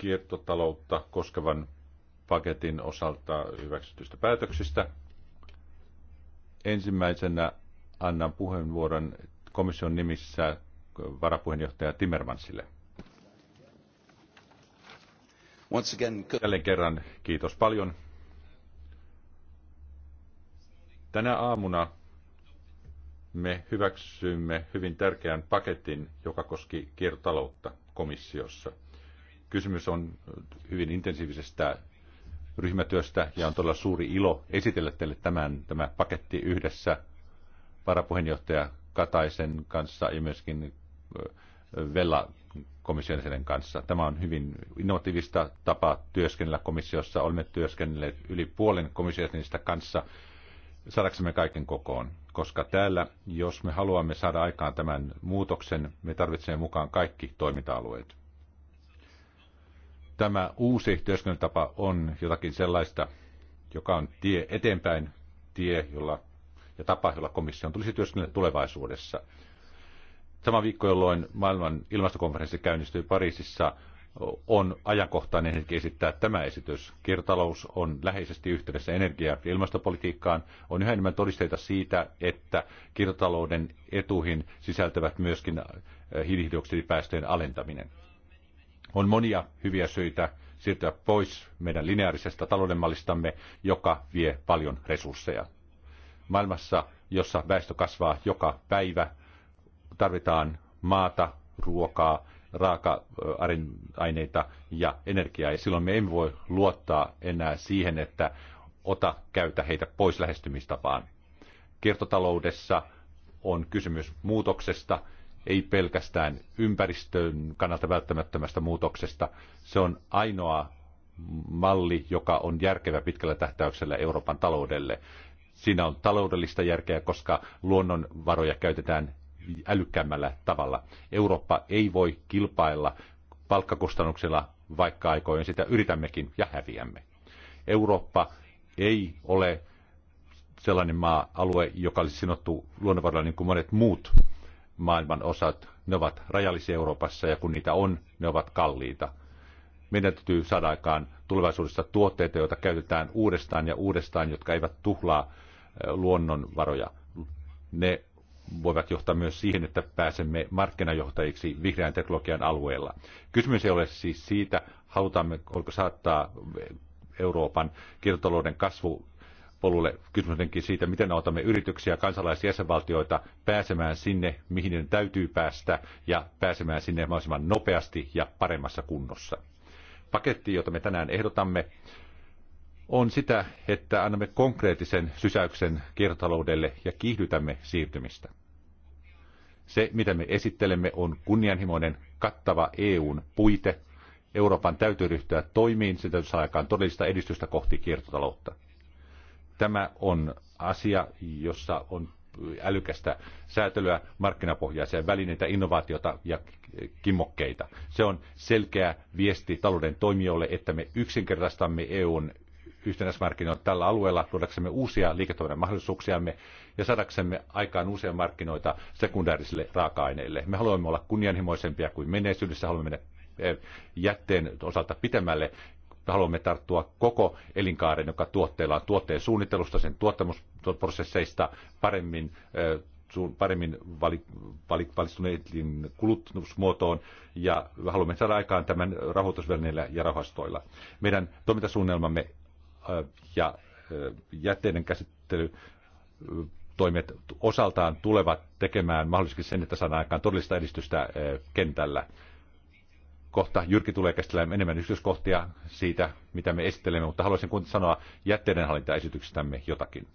kiertotaloutta koskevan paketin osalta hyväksytystä päätöksistä. Ensimmäisenä annan puheenvuoron komission nimissä varapuheenjohtaja Timmermansille. Once again, Jälleen kerran kiitos paljon. Tänä aamuna me hyväksyimme hyvin tärkeän paketin, joka koski kiertotaloutta komissiossa – Kysymys on hyvin intensiivisestä ryhmätyöstä ja on todella suuri ilo esitellä teille tämän, tämä paketti yhdessä varapuheenjohtaja Kataisen kanssa ja myöskin Vella komission kanssa. Tämä on hyvin innovatiivista tapaa työskennellä komissiossa. Olemme työskennelleet yli puolen komission kanssa saadaksemme kaiken kokoon, koska täällä, jos me haluamme saada aikaan tämän muutoksen, me tarvitsemme mukaan kaikki toiminta-alueet. Tämä uusi työskentelytapa on jotakin sellaista, joka on tie eteenpäin, tie jolla, ja tapa, jolla komission tulisi työskennellä tulevaisuudessa. Sama viikko, jolloin maailman ilmastokonferenssi käynnistyi Pariisissa, on ajankohtainen hetki esittää tämä esitys. Kiertotalous on läheisesti yhteydessä energia- ja ilmastopolitiikkaan. On yhä enemmän todisteita siitä, että kiertotalouden etuihin sisältävät myöskin eh, hiilidioksidipäästöjen alentaminen. On monia hyviä syitä siirtyä pois meidän lineaarisesta taloudenmallistamme, joka vie paljon resursseja. Maailmassa, jossa väestö kasvaa joka päivä, tarvitaan maata, ruokaa, raaka-aineita ja energiaa. Ja silloin me emme voi luottaa enää siihen, että ota käytä heitä pois lähestymistapaan. Kiertotaloudessa on kysymys muutoksesta, ei pelkästään ympäristön kannalta välttämättömästä muutoksesta. Se on ainoa malli, joka on järkevä pitkällä tähtäyksellä Euroopan taloudelle. Siinä on taloudellista järkeä, koska luonnonvaroja käytetään älykkäämmällä tavalla. Eurooppa ei voi kilpailla palkkakustannuksilla, vaikka aikoin sitä yritämmekin ja häviämme. Eurooppa ei ole sellainen maa-alue, joka olisi sinottu luonnonvaroilla niin kuin monet muut maailman osat, ne ovat rajallisia Euroopassa ja kun niitä on, ne ovat kalliita. Meidän täytyy saada aikaan tulevaisuudessa tuotteita, joita käytetään uudestaan ja uudestaan, jotka eivät tuhlaa luonnonvaroja. Ne voivat johtaa myös siihen, että pääsemme markkinajohtajiksi vihreän teknologian alueella. Kysymys ei ole siis siitä, halutaanko saattaa Euroopan kiertotalouden kasvu polulle. Kysymys siitä, miten autamme yrityksiä, kansalaisia jäsenvaltioita pääsemään sinne, mihin ne täytyy päästä ja pääsemään sinne mahdollisimman nopeasti ja paremmassa kunnossa. Paketti, jota me tänään ehdotamme, on sitä, että annamme konkreettisen sysäyksen kiertotaloudelle ja kiihdytämme siirtymistä. Se, mitä me esittelemme, on kunnianhimoinen, kattava EUn puite. Euroopan täytyy ryhtyä toimiin, sitä saada aikaan todellista edistystä kohti kiertotaloutta. Tämä on asia, jossa on älykästä säätelyä, markkinapohjaisia välineitä, innovaatiota ja kimmokkeita. Se on selkeä viesti talouden toimijoille, että me yksinkertaistamme EUn yhtenäismarkkinoita tällä alueella, luodaksemme uusia liiketoiminnan mahdollisuuksiamme ja saadaksemme aikaan uusia markkinoita sekundäärisille raaka-aineille. Me haluamme olla kunnianhimoisempia kuin menneisyydessä, haluamme mennä eh, jätteen osalta pitemmälle me haluamme tarttua koko elinkaaren, joka tuotteella on tuotteen suunnittelusta, sen tuottamusprosesseista paremmin paremmin valistuneisiin kulutusmuotoon ja haluamme saada aikaan tämän rahoitusvälineillä ja rahastoilla. Meidän toimintasuunnelmamme ja jätteiden käsittely toimet osaltaan tulevat tekemään mahdollisesti sen, että saadaan aikaan todellista edistystä kentällä kohta Jyrki tulee käsittelemään enemmän yksityiskohtia siitä, mitä me esittelemme, mutta haluaisin kuitenkin sanoa jätteidenhallintaesityksestämme jotakin.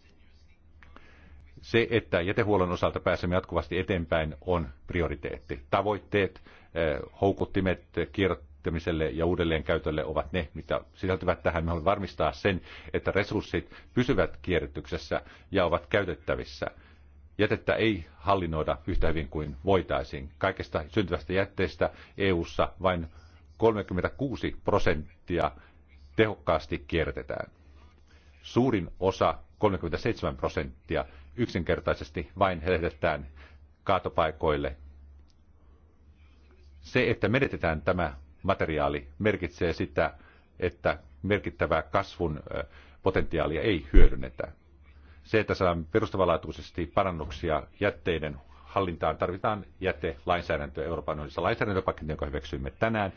Se, että jätehuollon osalta pääsemme jatkuvasti eteenpäin, on prioriteetti. Tavoitteet, eh, houkuttimet kierrättämiselle ja uudelleenkäytölle ovat ne, mitä sisältyvät tähän. Me haluamme varmistaa sen, että resurssit pysyvät kierrätyksessä ja ovat käytettävissä – Jätettä ei hallinnoida yhtä hyvin kuin voitaisiin. Kaikesta syntyvästä jätteestä EU:ssa vain 36 prosenttia tehokkaasti kierrätetään. Suurin osa, 37 prosenttia, yksinkertaisesti vain herätetään kaatopaikoille. Se, että menetetään tämä materiaali, merkitsee sitä, että merkittävää kasvun potentiaalia ei hyödynnetä. Se, että saadaan perustavanlaatuisesti parannuksia jätteiden hallintaan, tarvitaan jätelainsäädäntöä Euroopan unionissa. Lainsäädäntöpaketti, jonka hyväksyimme tänään,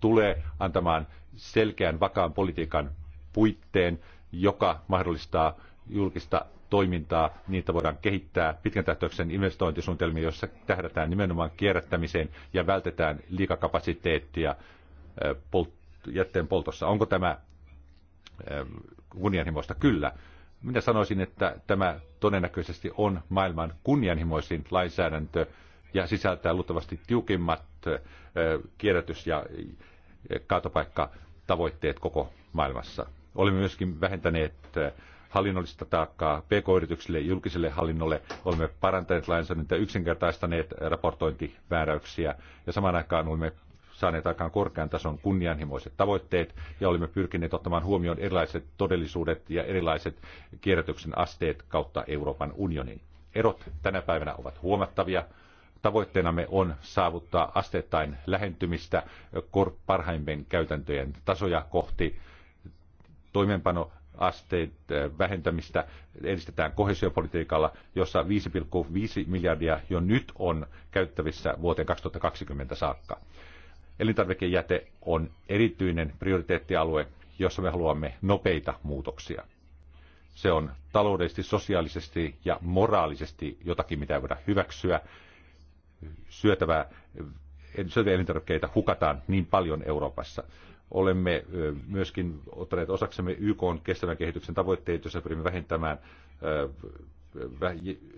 tulee antamaan selkeän vakaan politiikan puitteen, joka mahdollistaa julkista toimintaa, niitä voidaan kehittää pitkän tähtäyksen investointisuunnitelmia, joissa tähdätään nimenomaan kierrättämiseen ja vältetään liikakapasiteettia jätteen poltossa. Onko tämä kunnianhimoista? Kyllä. Minä sanoisin, että tämä todennäköisesti on maailman kunnianhimoisin lainsäädäntö ja sisältää luultavasti tiukimmat kierrätys- ja kaatopaikkatavoitteet koko maailmassa. Olemme myöskin vähentäneet hallinnollista taakkaa pk-yrityksille ja julkiselle hallinnolle. Olemme parantaneet lainsäädäntöä, yksinkertaistaneet raportointivääräyksiä ja samaan aikaan olemme saaneet aikaan korkean tason kunnianhimoiset tavoitteet ja olimme pyrkineet ottamaan huomioon erilaiset todellisuudet ja erilaiset kierrätyksen asteet kautta Euroopan unionin. Erot tänä päivänä ovat huomattavia. Tavoitteenamme on saavuttaa asteittain lähentymistä parhaimpien käytäntöjen tasoja kohti toimenpano asteet vähentämistä edistetään kohesiopolitiikalla, jossa 5,5 miljardia jo nyt on käyttävissä vuoteen 2020 saakka. Elintarvikejäte on erityinen prioriteettialue, jossa me haluamme nopeita muutoksia. Se on taloudellisesti, sosiaalisesti ja moraalisesti jotakin, mitä ei voida hyväksyä. Syötävää, syötäviä elintarvikkeita hukataan niin paljon Euroopassa. Olemme myöskin ottaneet osaksemme YK on kestävän kehityksen tavoitteet, joissa pyrimme vähentämään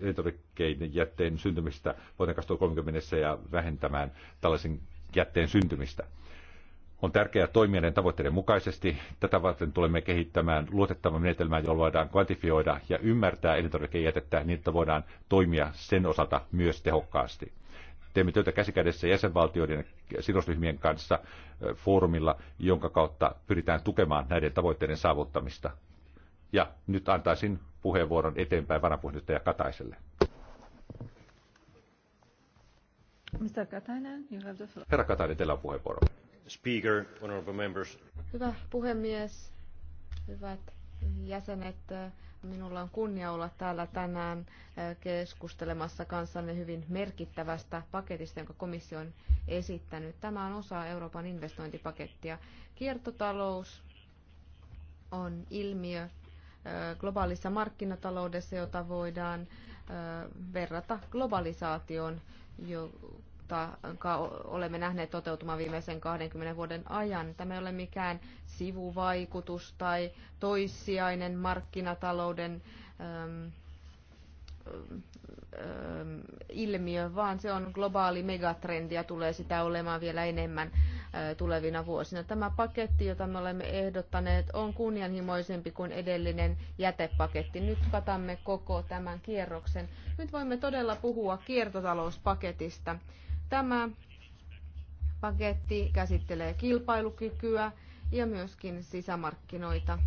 elintarvikkeiden jätteen syntymistä vuoteen 2030 ja vähentämään tällaisen jätteen syntymistä. On tärkeää toimia näiden tavoitteiden mukaisesti. Tätä varten tulemme kehittämään luotettavan menetelmän, jolla voidaan kvantifioida ja ymmärtää elintarvikejätettä niin, että voidaan toimia sen osalta myös tehokkaasti. Teemme työtä käsikädessä jäsenvaltioiden sidosryhmien kanssa foorumilla, jonka kautta pyritään tukemaan näiden tavoitteiden saavuttamista. Ja nyt antaisin puheenvuoron eteenpäin varapuheenjohtaja Kataiselle. Herra Katainen, teillä on puheenvuoro. Speaker, honorable members. Hyvä puhemies, hyvät jäsenet. Minulla on kunnia olla täällä tänään eh, keskustelemassa kanssanne hyvin merkittävästä paketista, jonka komissio on esittänyt. Tämä on osa Euroopan investointipakettia. Kiertotalous on ilmiö eh, globaalissa markkinataloudessa, jota voidaan eh, verrata globalisaatioon, jonka olemme nähneet toteutumaan viimeisen 20 vuoden ajan. Tämä ei ole mikään sivuvaikutus tai toissijainen markkinatalouden äm, äm, ähm, ilmiö, vaan se on globaali megatrendi ja tulee sitä olemaan vielä enemmän äh, tulevina vuosina. Tämä paketti, jota me olemme ehdottaneet, on kunnianhimoisempi kuin edellinen jätepaketti. Nyt katamme koko tämän kierroksen. Nyt voimme todella puhua kiertotalouspaketista. Tämä paketti käsittelee kilpailukykyä ja myöskin sisämarkkinoita.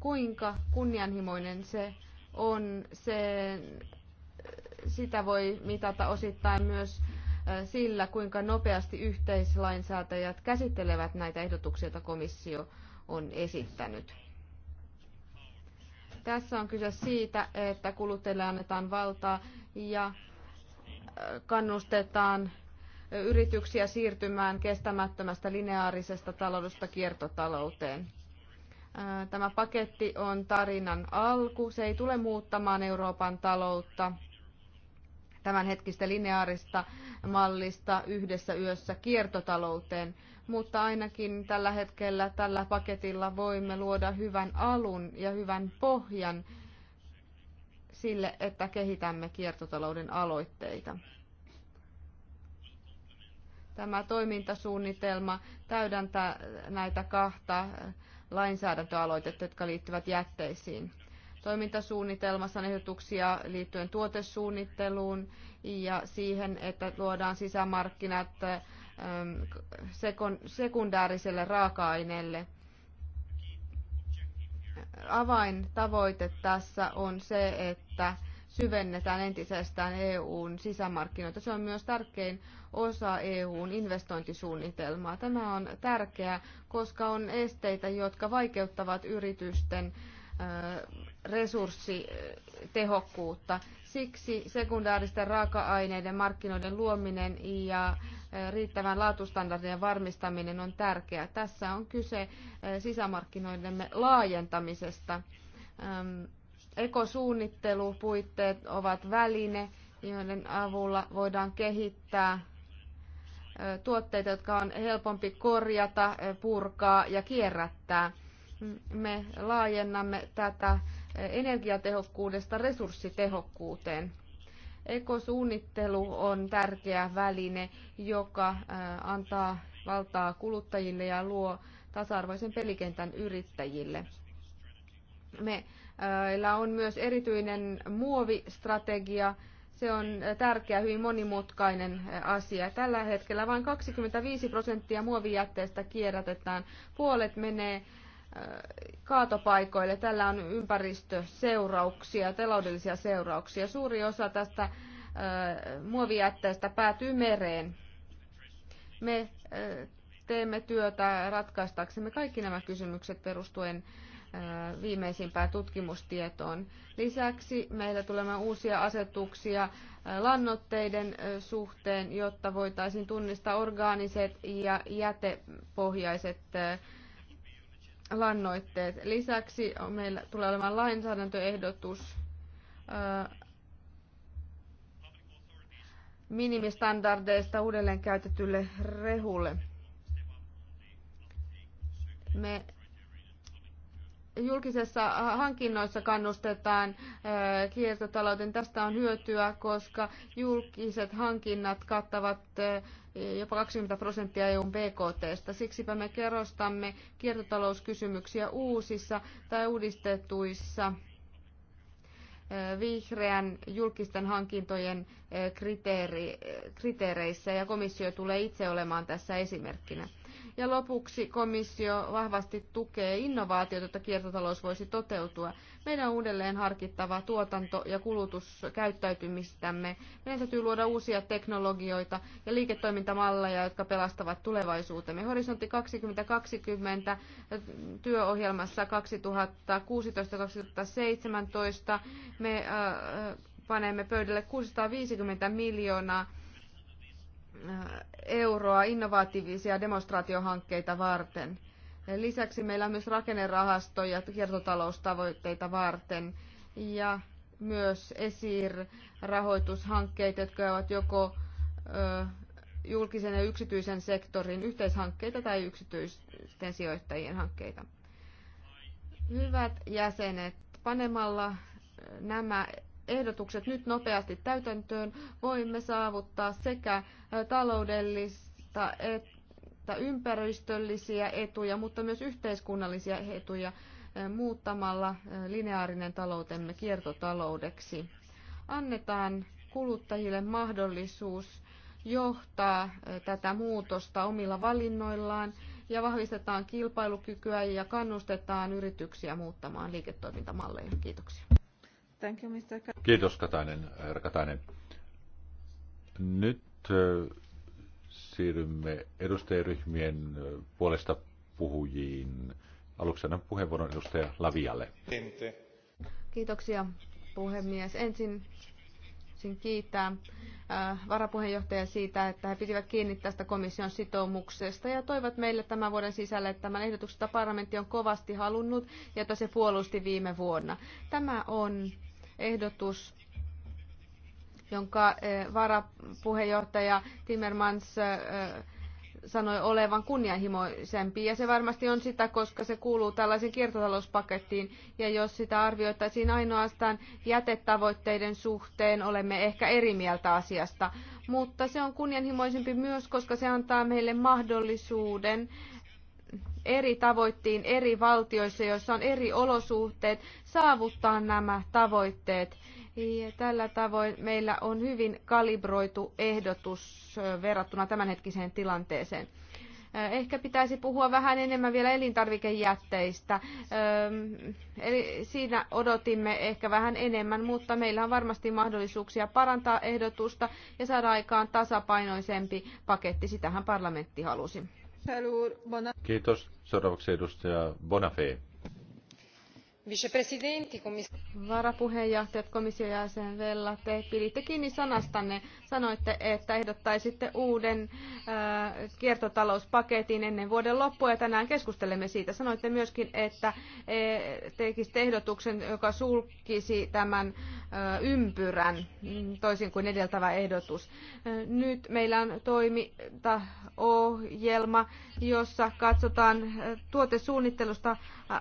Kuinka kunnianhimoinen se on, se, sitä voi mitata osittain myös sillä, kuinka nopeasti yhteislainsäätäjät käsittelevät näitä ehdotuksia, joita komissio on esittänyt. Tässä on kyse siitä, että kuluttajille annetaan valtaa ja kannustetaan yrityksiä siirtymään kestämättömästä lineaarisesta taloudesta kiertotalouteen. Tämä paketti on tarinan alku. Se ei tule muuttamaan Euroopan taloutta tämänhetkistä lineaarista mallista yhdessä yössä kiertotalouteen, mutta ainakin tällä hetkellä tällä paketilla voimme luoda hyvän alun ja hyvän pohjan sille, että kehitämme kiertotalouden aloitteita. Tämä toimintasuunnitelma täydentää näitä kahta lainsäädäntöaloitetta, jotka liittyvät jätteisiin. Toimintasuunnitelmassa on ehdotuksia liittyen tuotesuunnitteluun ja siihen, että luodaan sisämarkkinat sekundääriselle raaka-aineelle – avaintavoite tässä on se, että syvennetään entisestään EUn sisämarkkinoita. Se on myös tärkein osa EUn investointisuunnitelmaa. Tämä on tärkeää, koska on esteitä, jotka vaikeuttavat yritysten resurssitehokkuutta. Siksi sekundaaristen raaka-aineiden markkinoiden luominen ja riittävän laatustandardien varmistaminen on tärkeää. Tässä on kyse sisämarkkinoidemme laajentamisesta. Ekosuunnittelupuitteet ovat väline, joiden avulla voidaan kehittää tuotteita, jotka on helpompi korjata, purkaa ja kierrättää. Me laajennamme tätä energiatehokkuudesta resurssitehokkuuteen. Ekosuunnittelu on tärkeä väline, joka äh, antaa valtaa kuluttajille ja luo tasa-arvoisen pelikentän yrittäjille. Meillä äh, on myös erityinen muovistrategia. Se on tärkeä, hyvin monimutkainen äh, asia. Tällä hetkellä vain 25 prosenttia muovijätteestä kierrätetään. Puolet menee kaatopaikoille. Tällä on ympäristöseurauksia, taloudellisia seurauksia. Suuri osa tästä muovijätteestä päätyy mereen. Me teemme työtä ratkaistaksemme kaikki nämä kysymykset perustuen viimeisimpään tutkimustietoon. Lisäksi meillä tulee uusia asetuksia lannoitteiden suhteen, jotta voitaisiin tunnistaa orgaaniset ja jätepohjaiset lannoitteet. Lisäksi on meillä tulee olemaan lainsäädäntöehdotus minimistandardeista uudelleen käytetylle rehulle. Me julkisessa hankinnoissa kannustetaan kiertotalouteen. Tästä on hyötyä, koska julkiset hankinnat kattavat jopa 20 prosenttia EUn BKTstä. Siksipä me kerrostamme kiertotalouskysymyksiä uusissa tai uudistetuissa eh, vihreän julkisten hankintojen eh, kriteeri, kriteereissä ja komissio tulee itse olemaan tässä esimerkkinä. Ja lopuksi komissio vahvasti tukee innovaatiota, jotta kiertotalous voisi toteutua. Meidän uudelleen harkittava tuotanto- ja kulutuskäyttäytymistämme. Meidän täytyy luoda uusia teknologioita ja liiketoimintamalleja, jotka pelastavat tulevaisuutemme. Horisontti 2020 työohjelmassa 2016-2017 me äh, äh, panemme pöydälle 650 miljoonaa euroa innovatiivisia demonstraatiohankkeita varten. Lisäksi meillä on myös rakennerahasto- ja kiertotaloustavoitteita varten ja myös esir rahoitushankkeet jotka ovat joko julkisen ja yksityisen sektorin yhteishankkeita tai yksityisten sijoittajien hankkeita. Hyvät jäsenet, panemalla nämä ehdotukset nyt nopeasti täytäntöön, voimme saavuttaa sekä taloudellista että ympäristöllisiä etuja, mutta myös yhteiskunnallisia etuja muuttamalla lineaarinen taloutemme kiertotaloudeksi. Annetaan kuluttajille mahdollisuus johtaa tätä muutosta omilla valinnoillaan ja vahvistetaan kilpailukykyä ja kannustetaan yrityksiä muuttamaan liiketoimintamalleja. Kiitoksia. Thank you, Mr. Kiitos Katainen, herra Katainen. Nyt siirrymme edustajaryhmien puolesta puhujiin. Aluksi annan puheenvuoron edustaja Lavialle. Kiitoksia puhemies. Ensin sin kiittää varapuheenjohtaja siitä, että he pitivät kiinni tästä komission sitoumuksesta ja toivat meille tämän vuoden sisällä että tämän ehdotuksesta parlamentti on kovasti halunnut ja että se puolusti viime vuonna. Tämä on ehdotus, jonka eh, varapuheenjohtaja Timmermans eh, sanoi olevan kunnianhimoisempi. Ja se varmasti on sitä, koska se kuuluu tällaisen kiertotalouspakettiin. Ja jos sitä arvioitaisiin ainoastaan jätetavoitteiden suhteen, olemme ehkä eri mieltä asiasta. Mutta se on kunnianhimoisempi myös, koska se antaa meille mahdollisuuden äh, eri tavoittiin eri valtioissa, joissa on eri olosuhteet, saavuttaa nämä tavoitteet. Ja tällä tavoin meillä on hyvin kalibroitu ehdotus verrattuna tämänhetkiseen tilanteeseen. Ehkä pitäisi puhua vähän enemmän vielä elintarvikejätteistä. Eli siinä odotimme ehkä vähän enemmän, mutta meillä on varmasti mahdollisuuksia parantaa ehdotusta ja saada aikaan tasapainoisempi paketti. Sitähän parlamentti halusi. Kiitos. Seuraavaksi edustaja Bonafé varapuheenjohtajat komission jäsen Vella, te piditte kiinni sanastanne. Sanoitte, että ehdottaisitte uuden äh, kiertotalouspaketin ennen vuoden loppua ja tänään keskustelemme siitä. Sanoitte myöskin, että e, tekisitte ehdotuksen, joka sulkisi tämän äh, ympyrän, mm, toisin kuin edeltävä ehdotus. Äh, nyt meillä on toimintaohjelma, jossa katsotaan tuotesuunnittelusta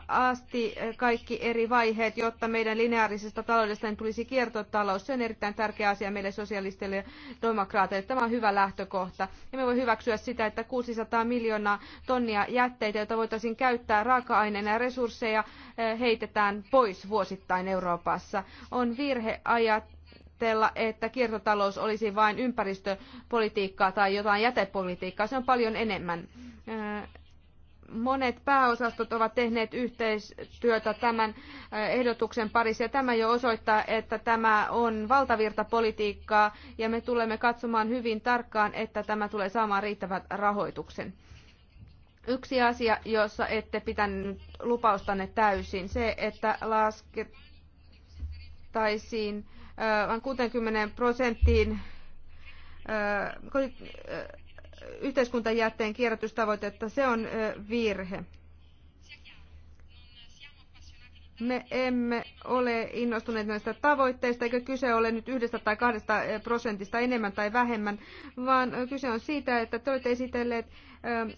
asti kaikki eri vaiheet, jotta meidän lineaarisesta taloudesta tulisi kiertotalous. Se on erittäin tärkeä asia meille sosialisteille ja demokraateille. Tämä on hyvä lähtökohta. Ja me voi hyväksyä sitä, että 600 miljoonaa tonnia jätteitä, joita voitaisiin käyttää raaka-aineena ja resursseja, eh, heitetään pois vuosittain Euroopassa. On virhe ajatella ajatella, että kiertotalous olisi vain ympäristöpolitiikkaa tai jotain jätepolitiikkaa. Se on paljon enemmän. Eh, monet pääosastot ovat tehneet yhteistyötä tämän äh, ehdotuksen parissa ja tämä jo osoittaa, että tämä on valtavirtapolitiikkaa ja me tulemme katsomaan hyvin tarkkaan, että tämä tulee saamaan riittävät rahoituksen. Yksi asia, jossa ette pitänyt lupaustanne täysin, se, että laskettaisiin 60 äh, prosenttiin äh, yhteiskuntajätteen kierrätystavoitetta, se on virhe. Me emme ole innostuneet näistä tavoitteista, eikä kyse ole nyt yhdestä tai kahdesta prosentista enemmän tai vähemmän, vaan kyse on siitä, että te olette esitelleet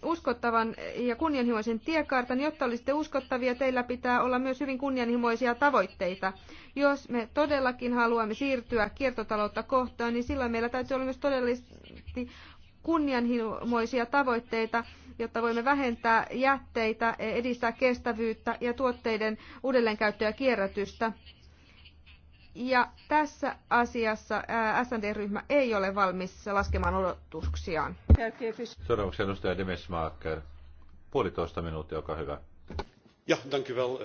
uskottavan ja kunnianhimoisen tiekartan. Jotta olisitte uskottavia, teillä pitää olla myös hyvin kunnianhimoisia tavoitteita. Jos me todellakin haluamme siirtyä kiertotaloutta kohtaan, niin silloin meillä täytyy olla myös todellisesti kunnianhimoisia tavoitteita, jotta voimme vähentää jätteitä, edistää kestävyyttä ja tuotteiden uudelleenkäyttöä ja kierrätystä. Ja tässä asiassa SND-ryhmä ei ole valmis laskemaan odotuksiaan. Seuraavaksi edustaja Demesmaaker. Puolitoista minuuttia, olkaa hyvä. Ja, dank u wel,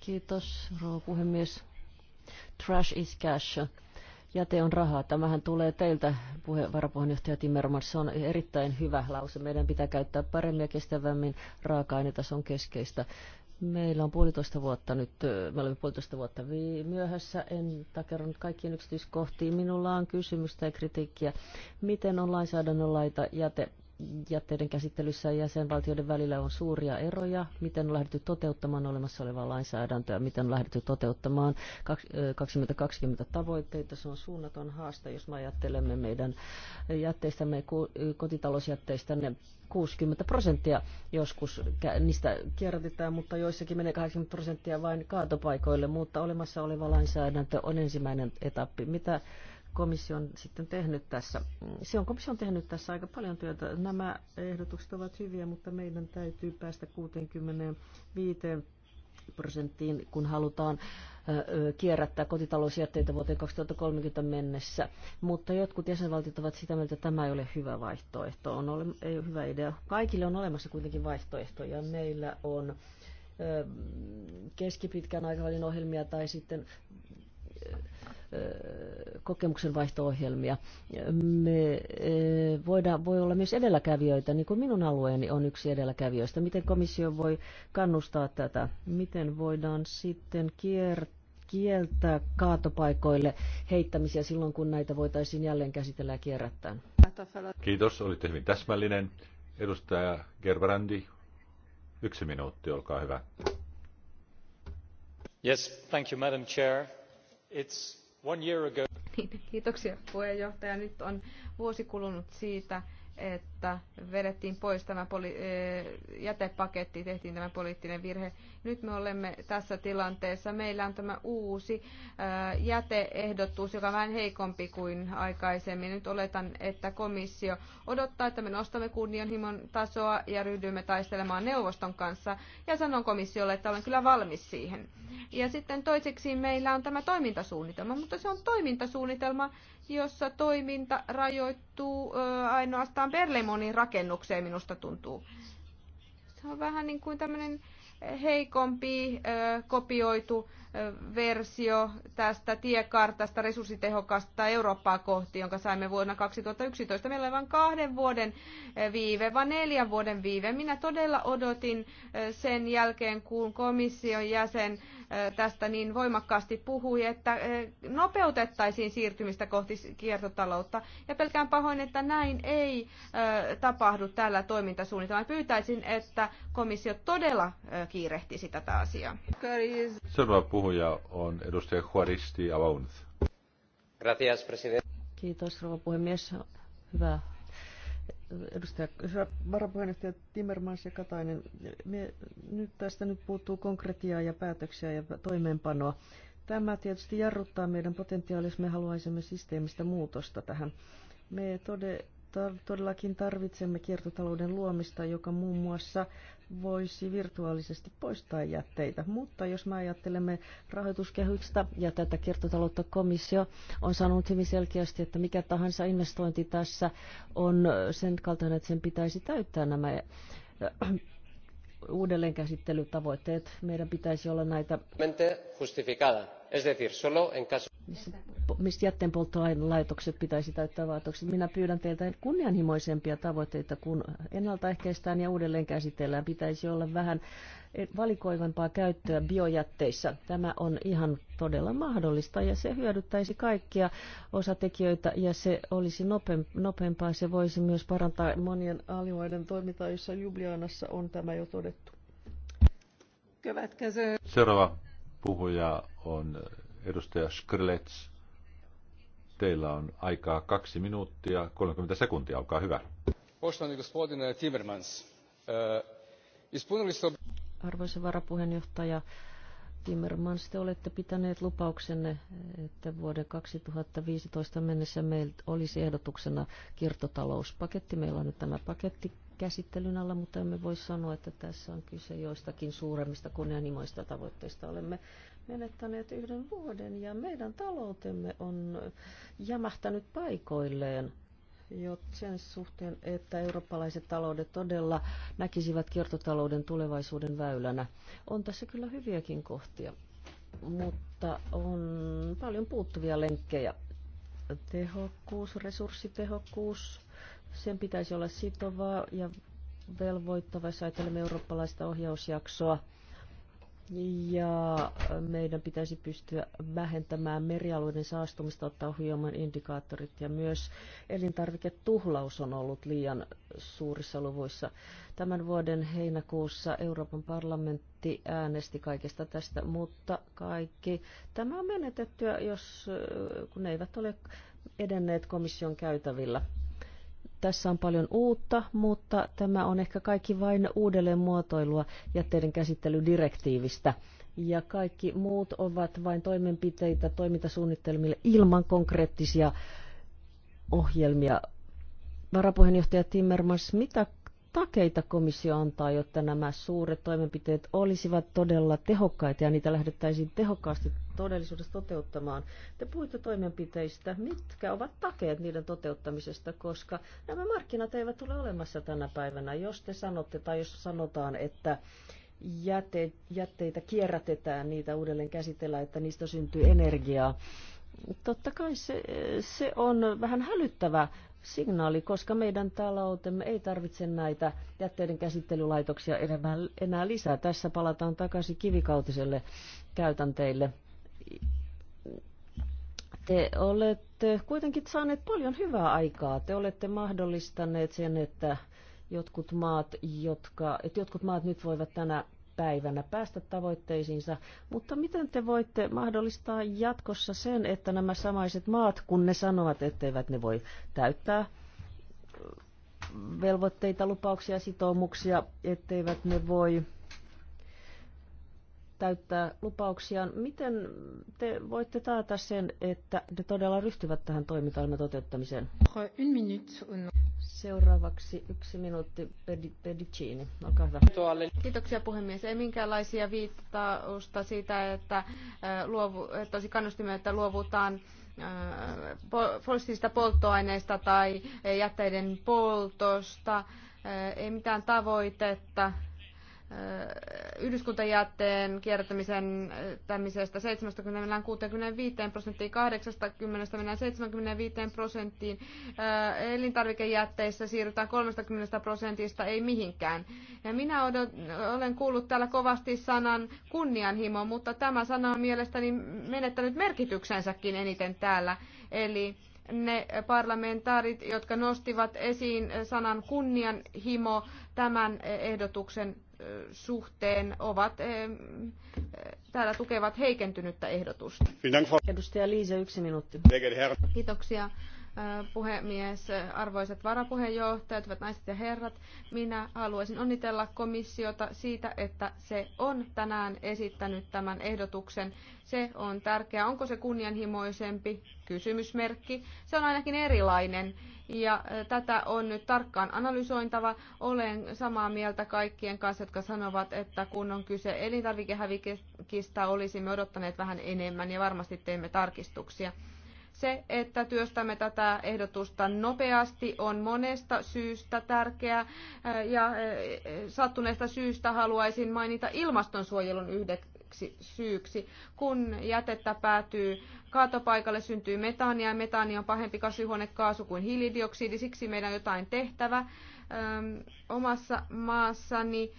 Kiitos, rouva puhemies. Trash is cash jäte on rahaa. Tämähän tulee teiltä, puhe, varapuheenjohtaja Timmermans. Se on erittäin hyvä lause. Meidän pitää käyttää paremmin ja kestävämmin raaka-aineita. Se on keskeistä. Meillä on puolitoista vuotta nyt, me olemme puolitoista vuotta myöhässä, en takerronut kaikkiin yksityiskohtiin. Minulla on kysymystä ja kritiikkiä. Miten on lainsäädännön laita jäte jätteiden käsittelyssä jäsenvaltioiden välillä on suuria eroja, miten on lähdetty toteuttamaan olemassa olevaa lainsäädäntöä, miten on lähdetty toteuttamaan 2020 tavoitteita. Se on suunnaton haaste, jos me ajattelemme meidän jätteistämme, kotitalousjätteistämme 60 prosenttia joskus niistä kierrätetään, mutta joissakin menee 80 prosenttia vain kaatopaikoille, mutta olemassa oleva lainsäädäntö on ensimmäinen etappi. Mitä komissio on sitten tehnyt tässä? Se on komissio on tehnyt tässä aika paljon työtä. Nämä ehdotukset ovat hyviä, mutta meidän täytyy päästä 65 prosenttiin, kun halutaan kierrättää kotitalousjätteitä vuoteen 2030 mennessä. Mutta jotkut jäsenvaltiot ovat sitä mieltä, että tämä ei ole hyvä vaihtoehto. On ole, ei ole hyvä idea. Kaikille on olemassa kuitenkin vaihtoehtoja. Meillä on keskipitkän aikavälin ohjelmia tai sitten kokemuksen vaihto-ohjelmia. Me e, voidaan, voi olla myös edelläkävijöitä, niin kuin minun alueeni on yksi edelläkävijöistä. Miten komissio voi kannustaa tätä? Miten voidaan sitten kieltää kaatopaikoille heittämisiä silloin, kun näitä voitaisiin jälleen käsitellä ja kierrättää. Kiitos, olitte hyvin täsmällinen. Edustaja Gerbrandi, yksi minuutti, olkaa hyvä. Yes, thank you, Madam Chair. It's One year ago. Niin, kiitoksia puheenjohtaja. Nyt on vuosi kulunut siitä, että vedettiin pois tämä poli- jätepaketti, tehtiin tämä poliittinen virhe. Nyt me olemme tässä tilanteessa. Meillä on tämä uusi jäteehdotus, joka on vähän heikompi kuin aikaisemmin. Nyt oletan, että komissio odottaa, että me nostamme kunnianhimon tasoa ja ryhdymme taistelemaan neuvoston kanssa. Ja sanon komissiolle, että olen kyllä valmis siihen. Ja sitten toiseksi meillä on tämä toimintasuunnitelma, mutta se on toimintasuunnitelma, jossa toiminta rajoittuu ainoastaan Berlemonin rakennukseen, minusta tuntuu. Se on vähän niin kuin tämmöinen heikompi kopioitu versio tästä tiekartasta resurssitehokasta Eurooppaa kohti, jonka saimme vuonna 2011. Meillä oli vain kahden vuoden eh, viive, vaan neljän vuoden viive. Minä todella odotin eh, sen jälkeen, kun komission jäsen eh, tästä niin voimakkaasti puhui, että nopeutettaisiin siirtymistä kohti kiertotaloutta. Ja pelkään pahoin, että näin ei tapahdu tällä toimintasuunnitelmalla. Pyytäisin, että komissio todella kiirehtisi tätä asiaa. Seuraava puhu puhuja on edustaja Juaristi Avaunth. Kiitos, rouva puhemies. Hyvä edustaja varapuheenjohtaja Timmermans ja Katainen, me, nyt tästä nyt puuttuu konkretiaa ja päätöksiä ja toimeenpanoa. Tämä tietysti jarruttaa meidän potentiaalia, jos me haluaisimme systeemistä muutosta tähän. Me tode, todellakin tarvitsemme kiertotalouden luomista, joka muun muassa voisi virtuaalisesti poistaa jätteitä. Mutta jos me ajattelemme rahoituskehyksestä ja tätä kiertotaloutta komissio on sanonut hyvin selkeästi, että mikä tahansa investointi tässä on sen kaltainen, että sen pitäisi täyttää nämä äh, uudelleenkäsittelytavoitteet. Meidän pitäisi olla näitä. Es decir, solo en caso missä, mistä jätteenpolttoainelaitokset pitäisi täyttää vaatukset. Minä pyydän teiltä kunnianhimoisempia tavoitteita, kun ennaltaehkäistään ja uudelleen käsitellään. Pitäisi olla vähän valikoivampaa käyttöä biojätteissä. Tämä on ihan todella mahdollista ja se hyödyttäisi kaikkia osatekijöitä ja se olisi nopeampaa. Se voisi myös parantaa monien alueiden toimintaa, jossa Ljubljanassa on tämä jo todettu. Seuraava puhuja on Edustaja Skrlets, teillä on aikaa kaksi minuuttia 30 sekuntia, olkaa hyvä. Poštani gospodin Timmermans, eh, Arvoisa varapuheenjohtaja Timmermans, te olette pitäneet lupauksenne, että vuoden 2015 mennessä meillä olisi ehdotuksena kiertotalouspaketti. Meillä on nyt tämä paketti käsittelyn alla, mutta emme voi sanoa, että tässä on kyse joistakin suuremmista kunnianhimoista tavoitteista. Olemme menettäneet yhden vuoden ja meidän taloutemme on jämähtänyt paikoilleen jo sen suhteen, että eurooppalaiset taloudet todella näkisivät kiertotalouden tulevaisuuden väylänä. On tässä kyllä hyviäkin kohtia, mutta on paljon puuttuvia lenkkejä. Tehokkuus, resurssitehokkuus, sen pitäisi olla sitovaa ja velvoittava, jos ajattelemme eurooppalaista ohjausjaksoa – ja meidän pitäisi pystyä vähentämään merialueiden saastumista, ottaa huomioon indikaattorit ja myös elintarviketuhlaus on ollut liian suurissa luvuissa. Tämän vuoden heinäkuussa Euroopan parlamentti äänesti kaikesta tästä, mutta kaikki tämä on menetettyä, jos, kun ne eivät ole edenneet komission käytävillä. Tässä on paljon uutta, mutta tämä on ehkä kaikki vain uudelleen muotoilua jätteiden käsittelydirektiivistä. Ja kaikki muut ovat vain toimenpiteitä toimintasuunnitelmille ilman konkreettisia ohjelmia. Varapuheenjohtaja Timmermans, mitä takeita komissio antaa, jotta nämä suuret toimenpiteet olisivat todella tehokkaita ja niitä lähdettäisiin tehokkaasti todellisuudessa toteuttamaan? Te puhuitte toimenpiteistä. Mitkä ovat takeet niiden toteuttamisesta, koska nämä markkinat eivät ole olemassa tänä päivänä. Jos te sanotte tai jos sanotaan, että jäte, jätteitä kierrätetään, niitä uudelleen käsitellään, että niistä syntyy energiaa, Totta kai se, se on vähän hälyttävä signaali, koska meidän taloutemme ei tarvitse näitä jätteiden käsittelylaitoksia enää, enää lisää. Tässä palataan takaisin kivikautiselle käytänteille. Te olette kuitenkin saaneet paljon hyvää aikaa. Te olette mahdollistaneet sen, että jotkut maat, jotka, että jotkut maat nyt voivat tänä päivänä päästä tavoitteisiinsa, mutta miten te voitte mahdollistaa jatkossa sen, että nämä samaiset maat, kun ne sanovat, etteivät ne voi täyttää velvoitteita, lupauksia, sitoumuksia, etteivät ne voi täyttää lupauksiaan. Miten te voitte taata sen, että ne todella ryhtyvät tähän toimintaohjelman toteuttamiseen? Seuraavaksi yksi minuutti Pedicini. Olkaa hyvä. Kiitoksia puhemies. Ei minkäänlaisia viittausta siitä, että, äh, luovu, että olisi kannustimme, että luovutaan äh, fossiilista polttoaineista tai jätteiden poltosta. Äh, ei mitään tavoitetta yhdyskuntajätteen kierrättämisen tämmöisestä 70-65 prosenttiin, 80-75 prosenttiin. Elintarvikejätteissä siirrytään 30 prosentista ei mihinkään. Ja minä odot, olen kuullut täällä kovasti sanan kunnianhimo, mutta tämä sana on mielestäni menettänyt merkityksensäkin eniten täällä. Eli ne parlamentaarit, jotka nostivat esiin sanan kunnianhimo tämän ehdotuksen suhteen ovat eh, täällä tukevat heikentynyttä ehdotusta. Edustaja Liise, yksi minuutti. Kiitoksia puhemies, arvoisat varapuheenjohtajat, hyvät naiset ja herrat. Minä haluaisin onnitella komissiota siitä, että se on tänään esittänyt tämän ehdotuksen. Se on tärkeää. Onko se kunnianhimoisempi? Kysymysmerkki. Se on ainakin erilainen ja tätä on nyt tarkkaan analysointava. Olen samaa mieltä kaikkien kanssa, jotka sanovat, että kun on kyse elintarvikehävikistä, olisimme odottaneet vähän enemmän ja varmasti teemme tarkistuksia. Se, että työstämme tätä ehdotusta nopeasti, on monesta syystä tärkeää äh, ja äh, sattuneesta syystä haluaisin mainita ilmastonsuojelun yhdeksi syyksi. Kun jätettä päätyy kaatopaikalle, syntyy metaania ja metaani on pahempi kasvihuonekaasu kuin hiilidioksidi, siksi meidän on jotain tehtävä. Ähm, omassa maassani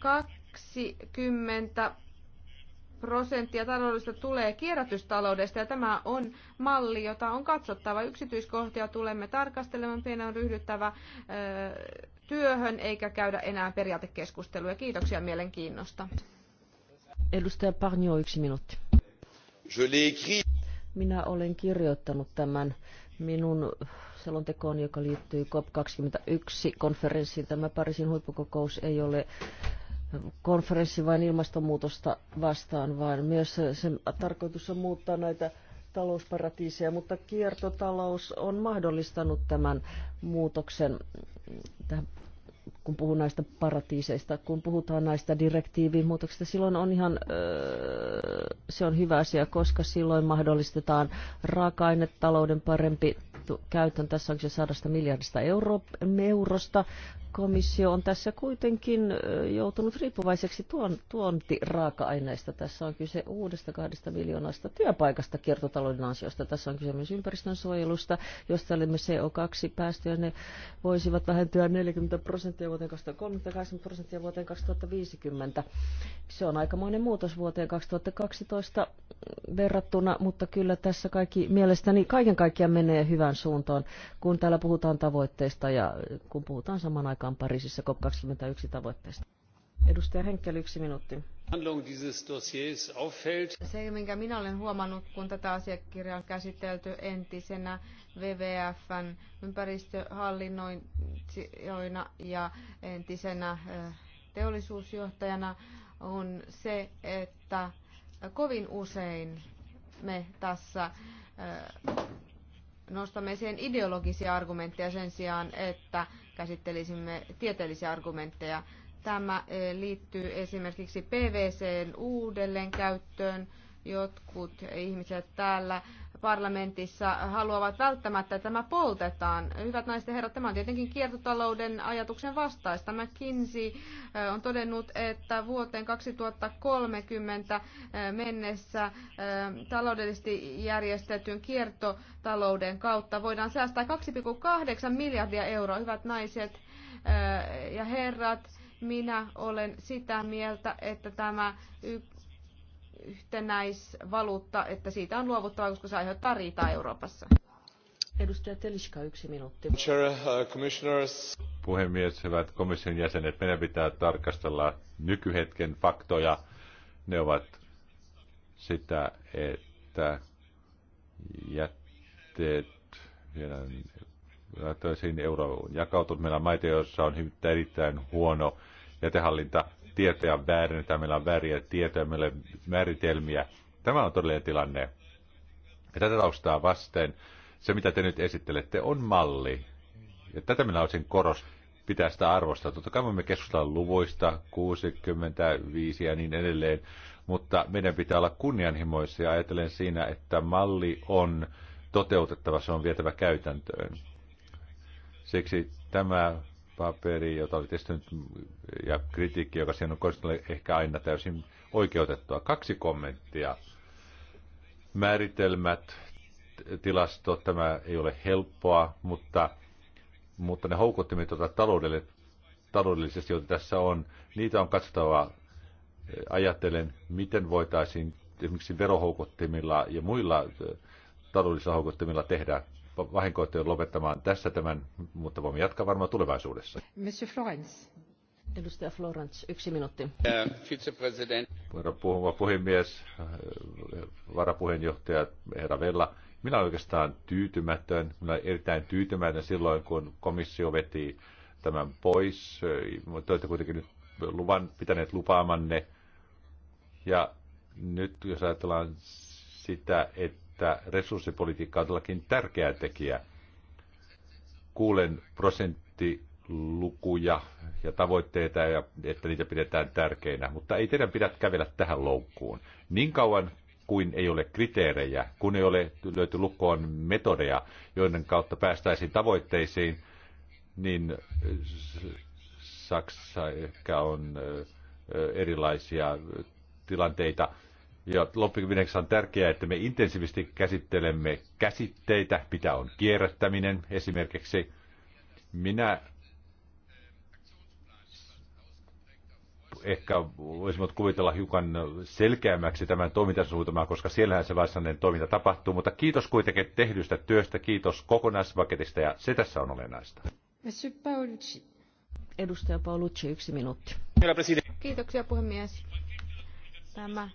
20 äh, prosenttia taloudesta tulee kierrätystaloudesta ja tämä on malli, jota on katsottava. Yksityiskohtia tulemme tarkastelemaan, pienen on ryhdyttävä työhön eikä käydä enää periaatekeskustelua. Kiitoksia mielenkiinnosta. Edustaja Parnio, yksi minuutti. Minä olen kirjoittanut tämän minun selontekoon, joka liittyy COP21-konferenssiin. Tämä Pariisin huippukokous ei ole konferenssi vain ilmastonmuutosta vastaan, vaan myös sen tarkoitus on muuttaa näitä talousparatiiseja, mutta kiertotalous on mahdollistanut tämän muutoksen, kun puhun näistä paratiiseista, kun puhutaan näistä direktiivin muutoksista, silloin on ihan, se on hyvä asia, koska silloin mahdollistetaan raaka-ainetalouden parempi käytön. Tässä on se sadasta miljardista euro, eurosta komissio on tässä kuitenkin joutunut riippuvaiseksi tuon, tuontiraaka-aineista. Tässä on kyse uudesta kahdesta miljoonasta työpaikasta kiertotalouden ansiosta. Tässä on kyse myös ympäristönsuojelusta, josta olemme CO2-päästöjä. Ne voisivat vähentyä 40 prosenttia vuoteen 2030, prosenttia vuoteen 2050. Se on aikamoinen muutos vuoteen 2012 verrattuna, mutta kyllä tässä kaikki mielestäni kaiken kaikkiaan menee hyvään suuntaan, kun täällä puhutaan tavoitteista ja kun puhutaan saman aikaan sovikaan Pariisissa COP21 tavoitteista. Edustaja yksi minuutti. Se, minkä minä olen huomannut, kun tätä asiakirjaa on käsitelty entisenä WWFn ympäristöhallinnoina ja entisenä teollisuusjohtajana, on se, että kovin usein me tässä nostamme sen ideologisia argumentteja sen sijaan, että käsittelisimme tieteellisiä argumentteja. Tämä eh, liittyy esimerkiksi PVCn uudelleenkäyttöön. Jotkut ihmiset täällä parlamentissa haluavat välttämättä, että tämä poltetaan. Hyvät naiset ja herrat, tämä on tietenkin kiertotalouden ajatuksen vastaista. McKinsey eh, on todennut, että vuoteen 2030 eh, mennessä eh, taloudellisesti järjestetyn kiertotalouden kautta voidaan säästää 2,8 miljardia euroa. Hyvät naiset ja herrat, minä olen sitä mieltä, että tämä yhtenäisvaluutta, että siitä on luovuttava, koska se aiheuttaa riitaa Euroopassa. Edustaja Teliska, yksi minuutti. Uh, Puhemies, hyvät komission jäsenet, meidän pitää tarkastella nykyhetken faktoja. Ne ovat sitä, että jätteet toisiin euroon jakautunut. Meillä on maita, joissa on erittäin huono jätehallinta tietoja väärennetään, niin meillä on vääriä tietoja, meillä on määritelmiä. Tämä on todellinen tilanne. Ja tätä taustaa vasten se, mitä te nyt esittelette, on malli. Ja tätä minä olisin koros Pitää sitä arvostaa. Totta kai me keskustellaan luvuista, 65 ja niin edelleen, mutta meidän pitää olla kunnianhimoisia ajatellen siinä, että malli on toteutettava, se on vietävä käytäntöön. Siksi tämä paperi, jota oli testynyt, ja kritiikki, joka siihen on kohdistunut, ehkä aina täysin oikeutettua. Kaksi kommenttia. Määritelmät, tilasto tämä ei ole helppoa, mutta, mutta ne houkuttimet, tuota taloudelle, taloudellisesti, joita tässä on, niitä on katsottava eh, ajatellen, miten voitaisiin esimerkiksi verohoukottimilla ja muilla eh, taloudellisilla houkottimilla tehdä vahinkoittelun lopettamaan tässä tämän, mutta voimme jatkaa varmaan tulevaisuudessa. Monsieur Florence. Edustaja Florence, yksi minuutti. Herra puhemies, varapuheenjohtaja herra Vella, minä olen oikeastaan tyytymätön. Minä olen erittäin tyytymätön silloin, kun komissio veti tämän pois. Te olette kuitenkin nyt luvan, pitäneet lupaamanne. Ja nyt jos ajatellaan sitä, että että resurssipolitiikka on todellakin tärkeä tekijä. Kuulen prosenttilukuja ja tavoitteita, ja että niitä pidetään tärkeinä, mutta ei teidän pidä kävellä tähän loukkuun. Niin kauan kuin ei ole kriteerejä, kun ei ole löyty lukkoon metodeja, joiden kautta päästäisiin tavoitteisiin, niin Saksa ehkä on erilaisia tilanteita ja loppuviimeksi on tärkeää, että me intensiivisesti käsittelemme käsitteitä, mitä on kierrättäminen esimerkiksi. Minä ehkä voisimme kuvitella hiukan selkeämmäksi tämän toimintasuunnitelman, koska siellähän se varsinainen toiminta tapahtuu. Mutta kiitos kuitenkin tehdystä työstä, kiitos kokonaispaketista ja se tässä on olennaista. Monsieur Edustaja Paulucci, yksi minuutti. Kiitoksia puhemies. Tämä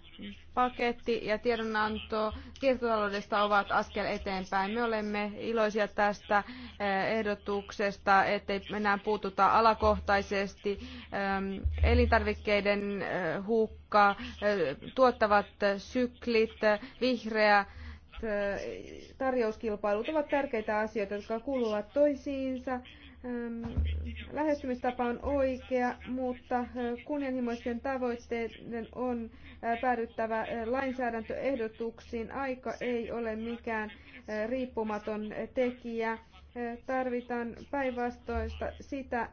paketti ja tiedonanto kiertotaloudesta ovat askel eteenpäin. Me olemme iloisia tästä eh, ehdotuksesta, ettei enää puututa alakohtaisesti. Ehm, elintarvikkeiden eh, hukka, eh, tuottavat syklit, vihreä tarjouskilpailut ovat tärkeitä asioita, jotka kuuluvat toisiinsa lähestymistapa on oikea, mutta äh, kunnianhimoisten tavoitteiden on äh, päädyttävä äh, lainsäädäntöehdotuksiin. Aika ei ole mikään riippumaton tekijä. Tarvitaan päinvastoista sitä,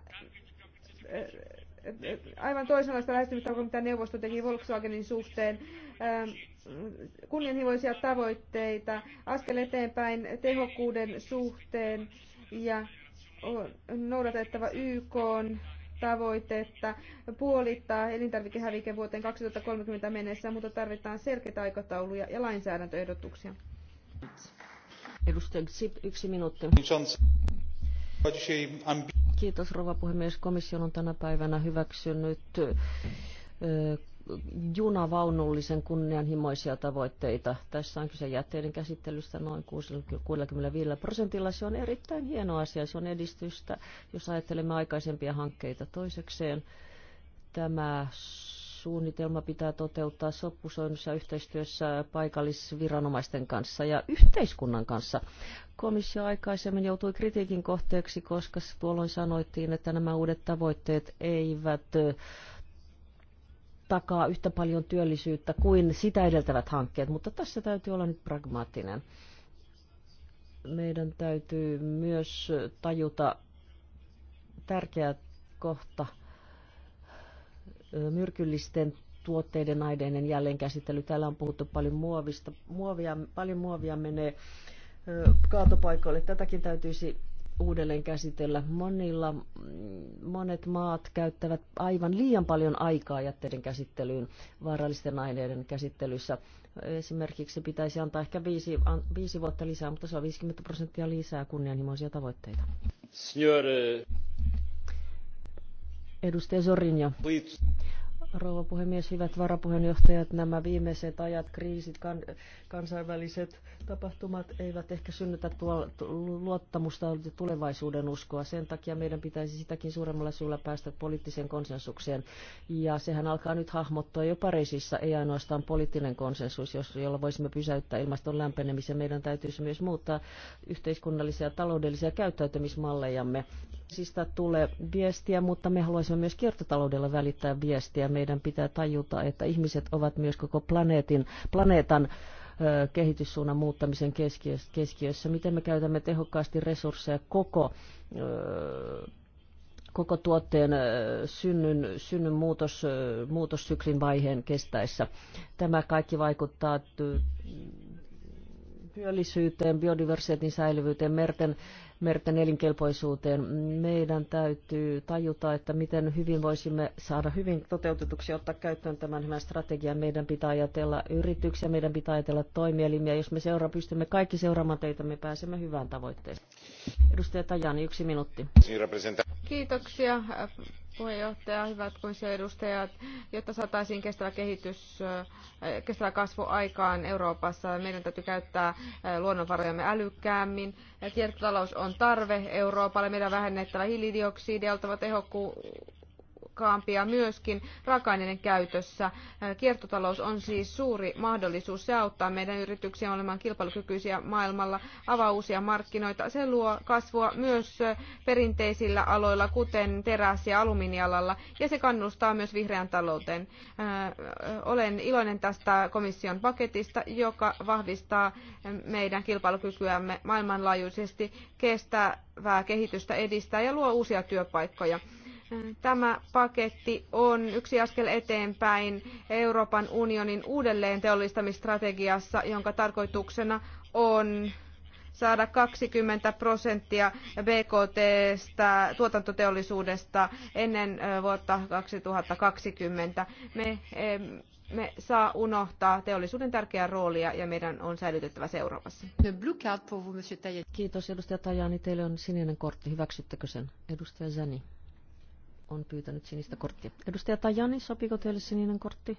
aivan toisenlaista lähestymistapaa kuin mitä neuvosto teki Volkswagenin suhteen. Kunnianhimoisia tavoitteita, askel eteenpäin tehokkuuden suhteen ja on noudatettava YK on tavoitetta puolittaa elintarvikehävike vuoteen 2030 mennessä, mutta tarvitaan selkeitä aikatauluja ja lainsäädäntöehdotuksia. Edustaja Ksip, yksi minuutti. Kiitos rouva puhemies. Komission on tänä päivänä hyväksynyt junavaunullisen kunnianhimoisia tavoitteita. Tässä on kyse jätteiden käsittelystä noin 65 prosentilla. Se on erittäin hieno asia, se on edistystä, jos ajattelemme aikaisempia hankkeita. Toisekseen tämä suunnitelma pitää toteuttaa sopusoinnissa yhteistyössä paikallisviranomaisten kanssa ja yhteiskunnan kanssa. Komissio aikaisemmin joutui kritiikin kohteeksi, koska tuolloin sanoittiin, että nämä uudet tavoitteet eivät takaa yhtä paljon työllisyyttä kuin sitä edeltävät hankkeet, mutta tässä täytyy olla nyt pragmaattinen. Meidän täytyy myös tajuta tärkeä kohta myrkyllisten tuotteiden aineiden jälleenkäsittely. Täällä on puhuttu paljon muovista. Muovia, paljon muovia menee kaatopaikoille. Tätäkin täytyisi uudelleen käsitellä. Monilla, monet maat käyttävät aivan liian paljon aikaa jätteiden käsittelyyn, vaarallisten aineiden käsittelyssä. Esimerkiksi pitäisi antaa ehkä viisi, viisi vuotta lisää, mutta se on 50 prosenttia lisää kunnianhimoisia tavoitteita. Signore. Eh, Edustaja Sorinjo. Rouva puhemies, hyvät varapuheenjohtajat, nämä viimeiset ajat, kriisit, kan, kansainväliset tapahtumat eivät ehkä synnytä luottamusta ja tulevaisuuden uskoa. Sen takia meidän pitäisi sitäkin suuremmalla syyllä päästä poliittiseen konsensukseen. Ja sehän alkaa nyt hahmottua jo Pariisissa, ei ainoastaan poliittinen konsensus, jolla voisimme pysäyttää ilmaston lämpenemisen. Meidän täytyisi myös muuttaa yhteiskunnallisia ja taloudellisia käyttäytymismallejamme. Sistä tulee viestiä, mutta me haluaisimme myös kiertotaloudella välittää viestiä. Meidän pitää tajuta, että ihmiset ovat myös koko planeetin, planeetan kehityssuunnan muuttamisen keskiössä. Miten me käytämme tehokkaasti resursseja koko koko tuotteen synnyn, synnyn muutos, muutossyklin vaiheen kestäessä. Tämä kaikki vaikuttaa työllisyyteen, biodiversiteetin säilyvyyteen, merten merten elinkelpoisuuteen. Meidän täytyy tajuta, että miten hyvin voisimme saada hyvin toteutetuksi ottaa käyttöön tämän hyvän strategian. Meidän pitää ajatella yrityksiä, meidän pitää ajatella toimielimiä. Jos me seura, pystymme kaikki seuraamaan teitä, me pääsemme hyvään tavoitteeseen. Edustaja Tajani, yksi minuutti. Niin, Kiitoksia puheenjohtaja, hyvät komission edustajat, jotta saataisiin kestävä kehitys, äh, kestävä kasvu aikaan Euroopassa, meidän täytyy käyttää äh, luonnonvarojamme älykkäämmin. Kiertotalous on tarve Euroopalle, meidän vähennettävä hiilidioksidia, oltava tehokkuus tehokkaampia myöskin raaka-aineiden käytössä. Kiertotalous on siis suuri mahdollisuus. Se auttaa meidän yrityksiä olemaan kilpailukykyisiä maailmalla, avaa uusia markkinoita. Se luo kasvua myös perinteisillä aloilla, kuten teräs- ja alumiinialalla, ja se kannustaa myös vihreän talouteen. Olen iloinen tästä komission paketista, joka vahvistaa meidän kilpailukykyämme maailmanlaajuisesti, kestävää kehitystä edistää ja luo uusia työpaikkoja. Tämä paketti on yksi askel eteenpäin Euroopan unionin uudelleen teollistamistrategiassa, jonka tarkoituksena on saada 20 prosenttia stä tuotantoteollisuudesta ennen vuotta 2020. Me me saa unohtaa teollisuuden tärkeää roolia ja meidän on säilytettävä se Euroopassa. Kiitos edustaja Tajani. Teille on sininen kortti. Hyväksyttekö sen? Edustaja Zani on pyytänyt sinistä korttia. Edustaja Tajani, sopiko teille sininen kortti?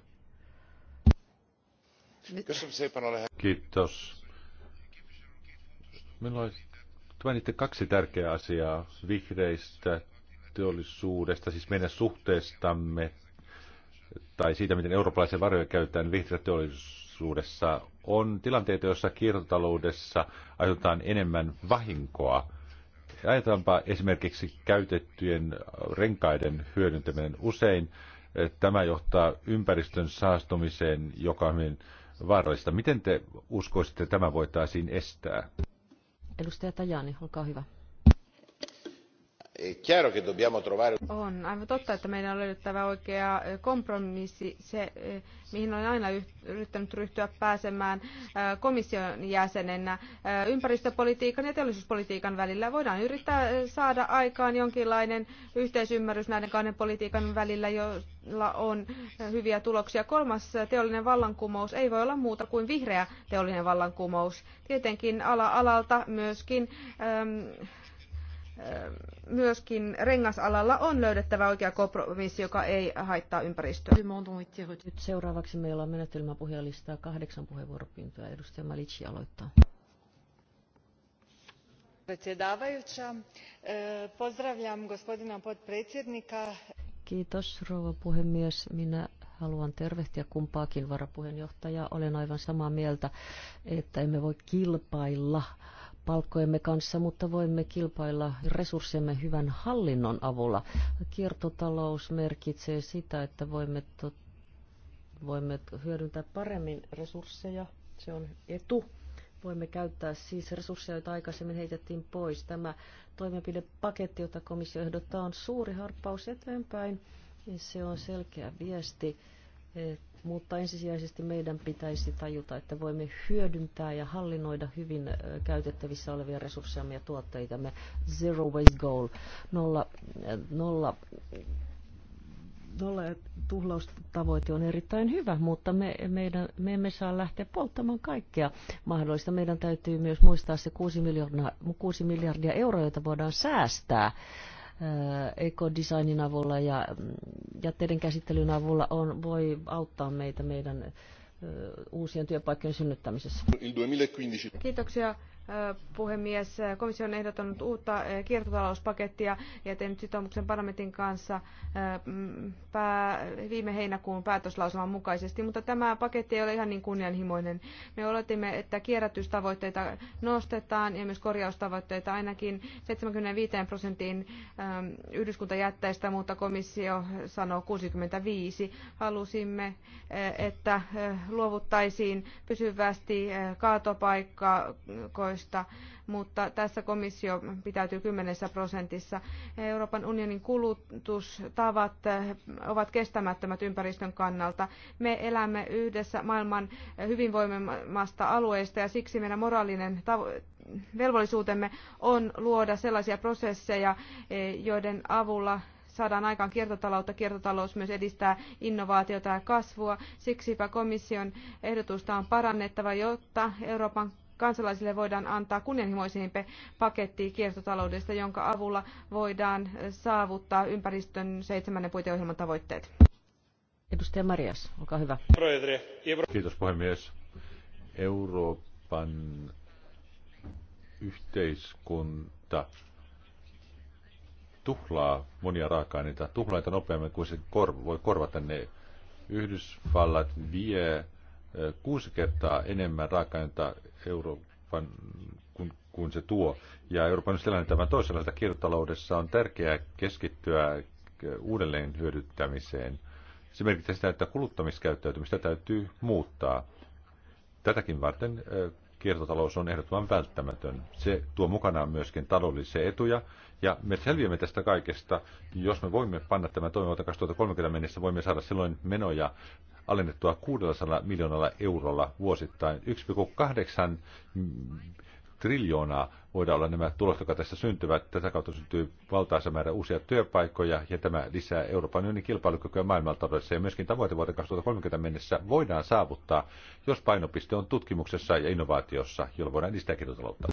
Kiitos. Minulla on mainitte kaksi tärkeää asiaa vihreistä teollisuudesta, siis meidän suhteestamme tai siitä, miten eurooppalaisia varoja käytetään vihreä teollisuudessa, on tilanteita, joissa kiertotaloudessa aiheutetaan enemmän vahinkoa Ajatellaanpa esimerkiksi käytettyjen renkaiden hyödyntäminen. Usein eh, tämä johtaa ympäristön saastumiseen, joka on hyvin vaarallista. Miten te uskoisitte, että tämä voitaisiin estää? Edustaja Tajani, olkaa hyvä. On aivan totta, että meidän on löydettävä oikea kompromissi, se mihin olen aina yrittänyt ryhtyä pääsemään komission jäsenenä. Ympäristöpolitiikan ja teollisuuspolitiikan välillä voidaan yrittää saada aikaan jonkinlainen yhteisymmärrys näiden kahden politiikan välillä, jolla on hyviä tuloksia. Kolmas teollinen vallankumous ei voi olla muuta kuin vihreä teollinen vallankumous. Tietenkin ala alalta myöskin ähm, myöskin rengasalalla on löydettävä oikea kompromissi, joka ei haittaa ympäristöä. Nyt seuraavaksi meillä on menetelmäpuheenlistaa kahdeksan puheenvuoropyyntöä. Edustaja Malici aloittaa. E, Kiitos rouva puhemies. Minä haluan tervehtiä kumpaakin varapuheenjohtajaa. Olen aivan samaa mieltä, että emme voi kilpailla palkkojemme kanssa, mutta voimme kilpailla resurssiemme hyvän hallinnon avulla. Kiertotalous merkitsee sitä, että voimme, to, voimme hyödyntää paremmin resursseja. Se on etu. Voimme käyttää siis resursseja, joita aikaisemmin heitettiin pois. Tämä toimenpidepaketti, jota komissio ehdottaa, on suuri harppaus eteenpäin. Se on selkeä viesti mutta ensisijaisesti meidän pitäisi tajuta, että voimme hyödyntää ja hallinnoida hyvin käytettävissä olevia resurssejamme ja tuotteitamme. Zero waste goal, nolla, nolla, nolla tuhlaustavoite on erittäin hyvä, mutta me, meidän, me emme saa lähteä polttamaan kaikkea mahdollista. Meidän täytyy myös muistaa se 6 miljardia, 6 miljardia euroa, jota voidaan säästää ekodesignin avulla ja mm, jätteiden käsittelyn avulla on, voi auttaa meitä meidän uusien työpaikkojen synnyttämisessä. Kiitoksia puhemies. Komissio on ehdottanut uutta kiertotalouspakettia ja tehnyt sitoumuksen parlamentin kanssa mm, viime heinäkuun päätöslauselman mukaisesti, mutta tämä paketti ei ole ihan niin kunnianhimoinen. Me oletimme, että kierrätystavoitteita nostetaan ja myös korjaustavoitteita ainakin 75 prosenttiin yhdyskuntajätteistä, mutta komissio sanoo 65. Halusimme, että luovuttaisiin pysyvästi kaatopaikkaa varoista, mutta tässä komissio pitäytyy 10 prosentissa. Euroopan unionin kulutustavat ovat kestämättömät ympäristön kannalta. Me elämme yhdessä maailman hyvinvoimasta alueesta ja siksi meidän moraalinen tavo- velvollisuutemme on luoda sellaisia prosesseja, joiden avulla saadaan aikaan kiertotaloutta. Kiertotalous myös edistää innovaatiota ja kasvua. Siksipä komission ehdotusta on parannettava, jotta Euroopan kansalaisille voidaan antaa kunnianhimoisempi paketti kiertotaloudesta, jonka avulla voidaan saavuttaa ympäristön seitsemännen puiteohjelman tavoitteet. Edustaja Marias, olkaa hyvä. Kiitos puhemies. Euroopan yhteiskunta tuhlaa monia raaka-aineita, tuhlaa nopeammin kuin se kor- voi korvata ne. Yhdysvallat vie kuusi kertaa enemmän raaka-ainetta Euroopan kuin, kuin se tuo. Ja Euroopan on sellainen tämän toisenlaista kiertotaloudessa on tärkeää keskittyä uudelleen hyödyttämiseen. Se merkitsee sitä, että kuluttamiskäyttäytymistä täytyy muuttaa. Tätäkin varten kiertotalous on ehdottoman välttämätön. Se tuo mukanaan myöskin taloudellisia etuja, ja me selviämme tästä kaikesta, jos me voimme panna tämän toimivalta 2030 mennessä, voimme saada silloin menoja alennettua 600 miljoonalla eurolla vuosittain. 1,8 triljoonaa voidaan olla nämä tulot, jotka tässä syntyvät. Tätä kautta syntyy valtaisa määrä uusia työpaikkoja ja tämä lisää Euroopan unionin kilpailukykyä maailmantaloudessa ja myöskin tavoite vuoteen 2030 mennessä voidaan saavuttaa, jos painopiste on tutkimuksessa ja innovaatiossa, jolloin voidaan edistää kiertotaloutta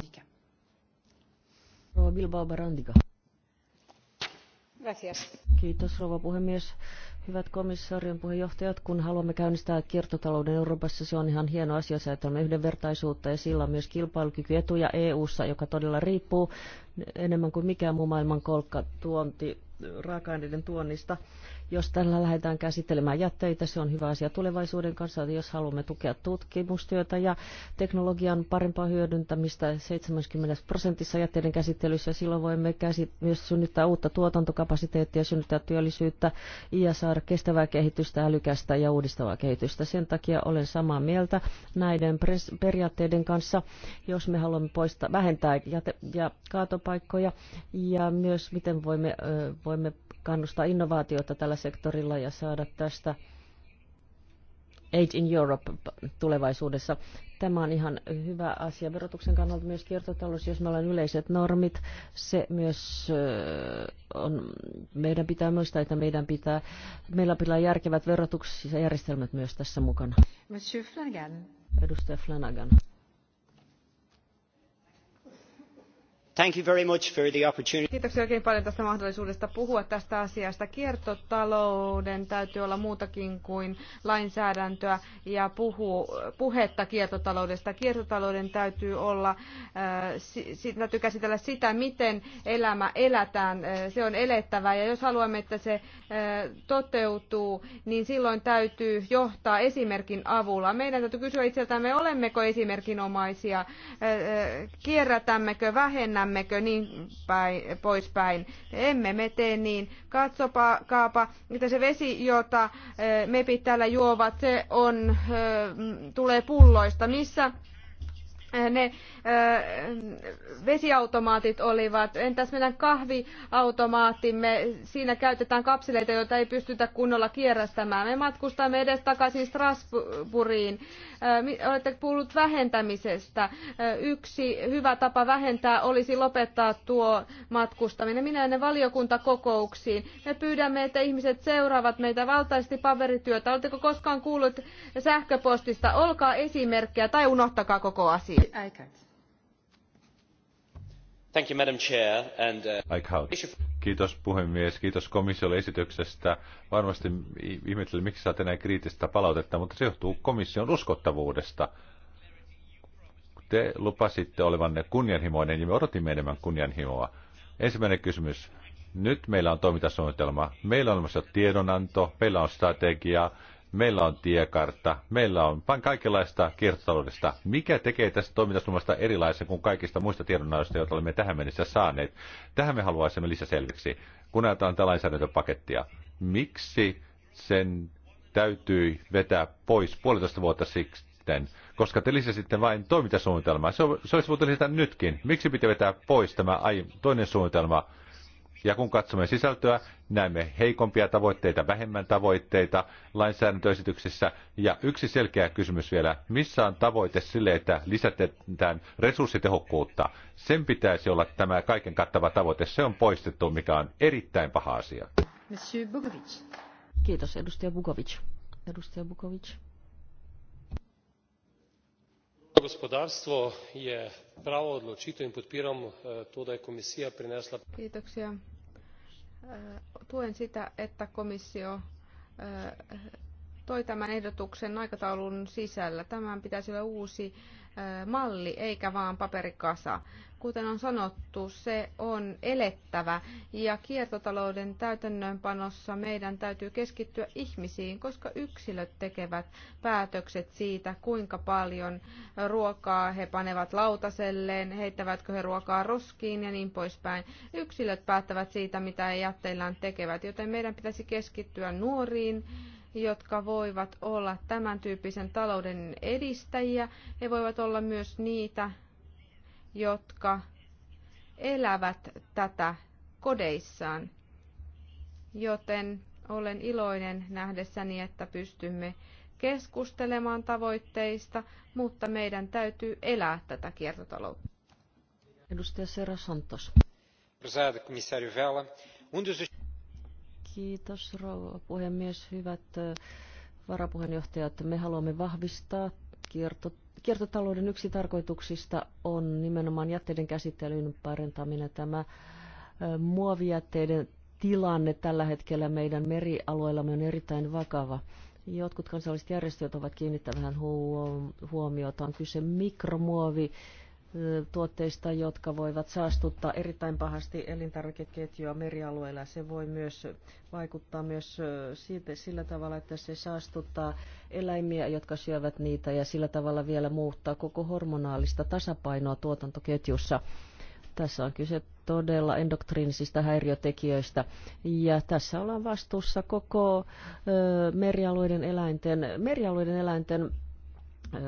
arvoisa Kiitos rouva puhemies. Hyvät komission puheenjohtajat, kun haluamme käynnistää kiertotalouden Euroopassa, se on ihan hieno asia, se että on yhdenvertaisuutta ja sillä on myös kilpailukykyetuja EU-ssa, joka todella riippuu enemmän kuin mikään muu maailman kolkka tuonti, raaka-aineiden tuonnista. Jos tällä lähdetään käsittelemään jätteitä, se on hyvä asia tulevaisuuden kanssa, jos haluamme tukea tutkimustyötä ja teknologian parempaa hyödyntämistä 70 prosentissa jätteiden käsittelyssä. Silloin voimme käsit- myös synnyttää uutta tuotantokapasiteettia, synnyttää työllisyyttä ja saada kestävää kehitystä, älykästä ja uudistavaa kehitystä. Sen takia olen samaa mieltä näiden periaatteiden kanssa, jos me haluamme poistaa, vähentää jäte- ja kaatopaikkoja ja myös miten voimme, voimme kannustaa innovaatiota tällä sektorilla ja saada tästä Age in Europe tulevaisuudessa. Tämä on ihan hyvä asia verotuksen kannalta myös kiertotalous, jos meillä on yleiset normit. Se myös on, meidän pitää muistaa, että meidän pitää, meillä pitää järkevät verotuksen järjestelmät myös tässä mukana. Monsieur Flanagan. Edustaja Flanagan. Kiitoksia oikein paljon tästä mahdollisuudesta puhua tästä asiasta. Kiertotalouden täytyy olla muutakin kuin lainsäädäntöä ja puhu, puhetta kiertotaloudesta. Kiertotalouden täytyy olla, äh, siitä täytyy käsitellä sitä, miten elämä elätään. Äh, se on elettävää ja jos haluamme, että se äh, toteutuu, niin silloin täytyy johtaa esimerkin avulla. Meidän täytyy kysyä itseltämme, olemmeko esimerkinomaisia, kierrätämmekö, vähennämme tehdämmekö niin päin, poispäin. Emme me tee niin. Katsopa, kaapa, että se vesi, jota mepit täällä juovat, se on, tulee pulloista. missä Äh, ne äh, vesiautomaatit olivat. Entäs meidän kahviautomaattimme? Siinä käytetään kapseleita, joita ei pystytä kunnolla kierrästämään. Me matkustamme edes takaisin Strasbourgiin. Äh, olette puhunut vähentämisestä. Yksi hyvä tapa vähentää olisi lopettaa tuo matkustaminen. Minä ennen valiokuntakokouksiin. Me pyydämme, että ihmiset seuraavat meitä valtaisesti paperityötä. Oletteko koskaan kuullut sähköpostista? Olkaa esimerkkejä tai unohtakaa koko asia. Uh, kiitos puhemies, kiitos komissiolle esityksestä. Varmasti ihmettelen miksi saatte näin kriittistä palautetta, mutta se johtuu komission uskottavuudesta. Te lupasitte olevanne kunnianhimoinen ja me odotimme enemmän kunnianhimoa. Ensimmäinen kysymys. Nyt meillä on toimintasuunnitelma, meillä on olemassa tiedonanto, meillä on strategia, meillä on tiekartta, meillä on kaikenlaista kiertotaloudesta. Mikä tekee tästä toimintasummasta erilaisen kuin kaikista muista tiedonannoista, joita olemme tähän mennessä saaneet? Tähän me haluaisimme lisäselviksi, kun ajatellaan tätä lainsäädäntöpakettia. Miksi sen täytyy vetää pois puolitoista vuotta sitten, koska te lisäsitte vain toimintasuunnitelmaa. Se, se olisi voitu lisätä nytkin. Miksi pitää vetää pois tämä toinen suunnitelma, ja kun katsomme sisältöä, näemme heikompia tavoitteita, vähemmän tavoitteita lainsäädäntöesityksessä. Ja yksi selkeä kysymys vielä, missä on tavoite sille, että lisätään resurssitehokkuutta? Sen pitäisi olla tämä kaiken kattava tavoite. Se on poistettu, mikä on erittäin paha asia. Monsieur Bukovic. Kiitos, edustaja Bukovic. Edustaja Bukovic gospodarstvo je prava odločitev in podpiram eh, to da je komisija prinesla. Eh, tuen sitä että komissio eh, toi tämän ehdotuksen aikataulun sisällä. Tämän pitäisi olla uusi malli eikä vaan paperikasa. Kuten on sanottu, se on elettävä ja kiertotalouden täytännönpanossa meidän täytyy keskittyä ihmisiin, koska yksilöt tekevät päätökset siitä, kuinka paljon ruokaa he panevat lautaselleen, heittävätkö he ruokaa roskiin ja niin poispäin. Yksilöt päättävät siitä, mitä he jätteillään tekevät, joten meidän pitäisi keskittyä nuoriin, jotka voivat olla tämän tyyppisen talouden edistäjiä. He voivat olla myös niitä, jotka elävät tätä kodeissaan. Joten olen iloinen nähdessäni, että pystymme keskustelemaan tavoitteista, mutta meidän täytyy elää tätä kiertotaloutta. Edustaja Sera Santos. Kiitos rouva puhemies. Hyvät varapuheenjohtajat, me haluamme vahvistaa kierto, kiertotalouden yksi tarkoituksista on nimenomaan jätteiden käsittelyn parantaminen. Tämä muovijätteiden tilanne tällä hetkellä meidän merialueillamme on erittäin vakava. Jotkut kansalliset järjestöt ovat kiinnittäneet vähän huomiota. On kyse mikromuovi tuotteista, jotka voivat saastuttaa erittäin pahasti elintarvikeketjua merialueilla. Se voi myös vaikuttaa myös siitä, sillä tavalla, että se saastuttaa eläimiä, jotka syövät niitä ja sillä tavalla vielä muuttaa koko hormonaalista tasapainoa tuotantoketjussa. Tässä on kyse todella endoktriinisista häiriötekijöistä. Ja tässä ollaan vastuussa koko ö, merialueiden eläinten, merialueiden eläinten ö,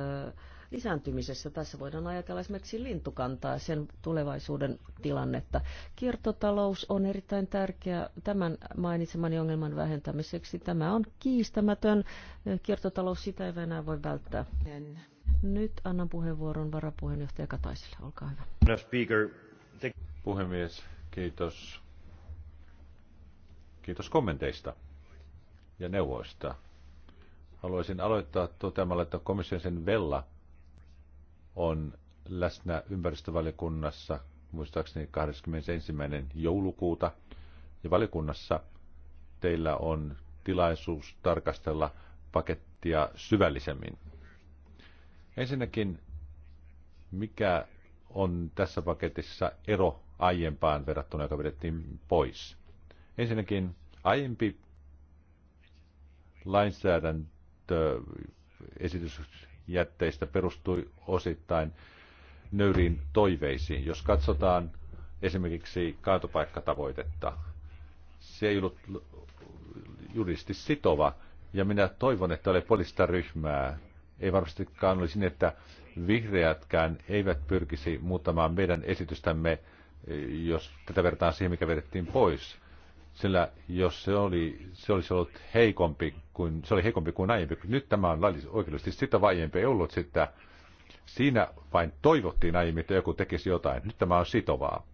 lisääntymisessä. Tässä voidaan ajatella esimerkiksi lintukantaa ja sen tulevaisuuden tilannetta. Kiertotalous on erittäin tärkeä tämän mainitsemani ongelman vähentämiseksi. Tämä on kiistämätön. Kiertotalous sitä ei enää voi välttää. En. Nyt annan puheenvuoron varapuheenjohtaja Kataiselle. Olkaa hyvä. Speaker. Puhemies, kiitos. Kiitos kommenteista ja neuvoista. Haluaisin aloittaa toteamalla, että komission sen Vella on läsnä ympäristövaliokunnassa muistaakseni 21. joulukuuta. Ja valiokunnassa teillä on tilaisuus tarkastella pakettia syvällisemmin. Ensinnäkin, mikä on tässä paketissa ero aiempaan verrattuna, joka vedettiin pois? Ensinnäkin aiempi esitys jätteistä perustui osittain nöyriin toiveisiin. Jos katsotaan esimerkiksi kaatopaikkatavoitetta, se ei ollut juristi sitova, ja minä toivon, että ole poliittista ryhmää. Ei varmastikaan olisi niin, että vihreätkään eivät pyrkisi muuttamaan meidän esitystämme, jos tätä vertaan siihen, mikä vedettiin pois sillä jos se, oli, se olisi ollut heikompi kuin, se oli heikompi kuin aiempi, nyt tämä on oikeudellisesti sitä vaiempi, ei ollut sitä. Siinä vain toivottiin aiemmin, että joku tekisi jotain. Nyt tämä on sitovaa.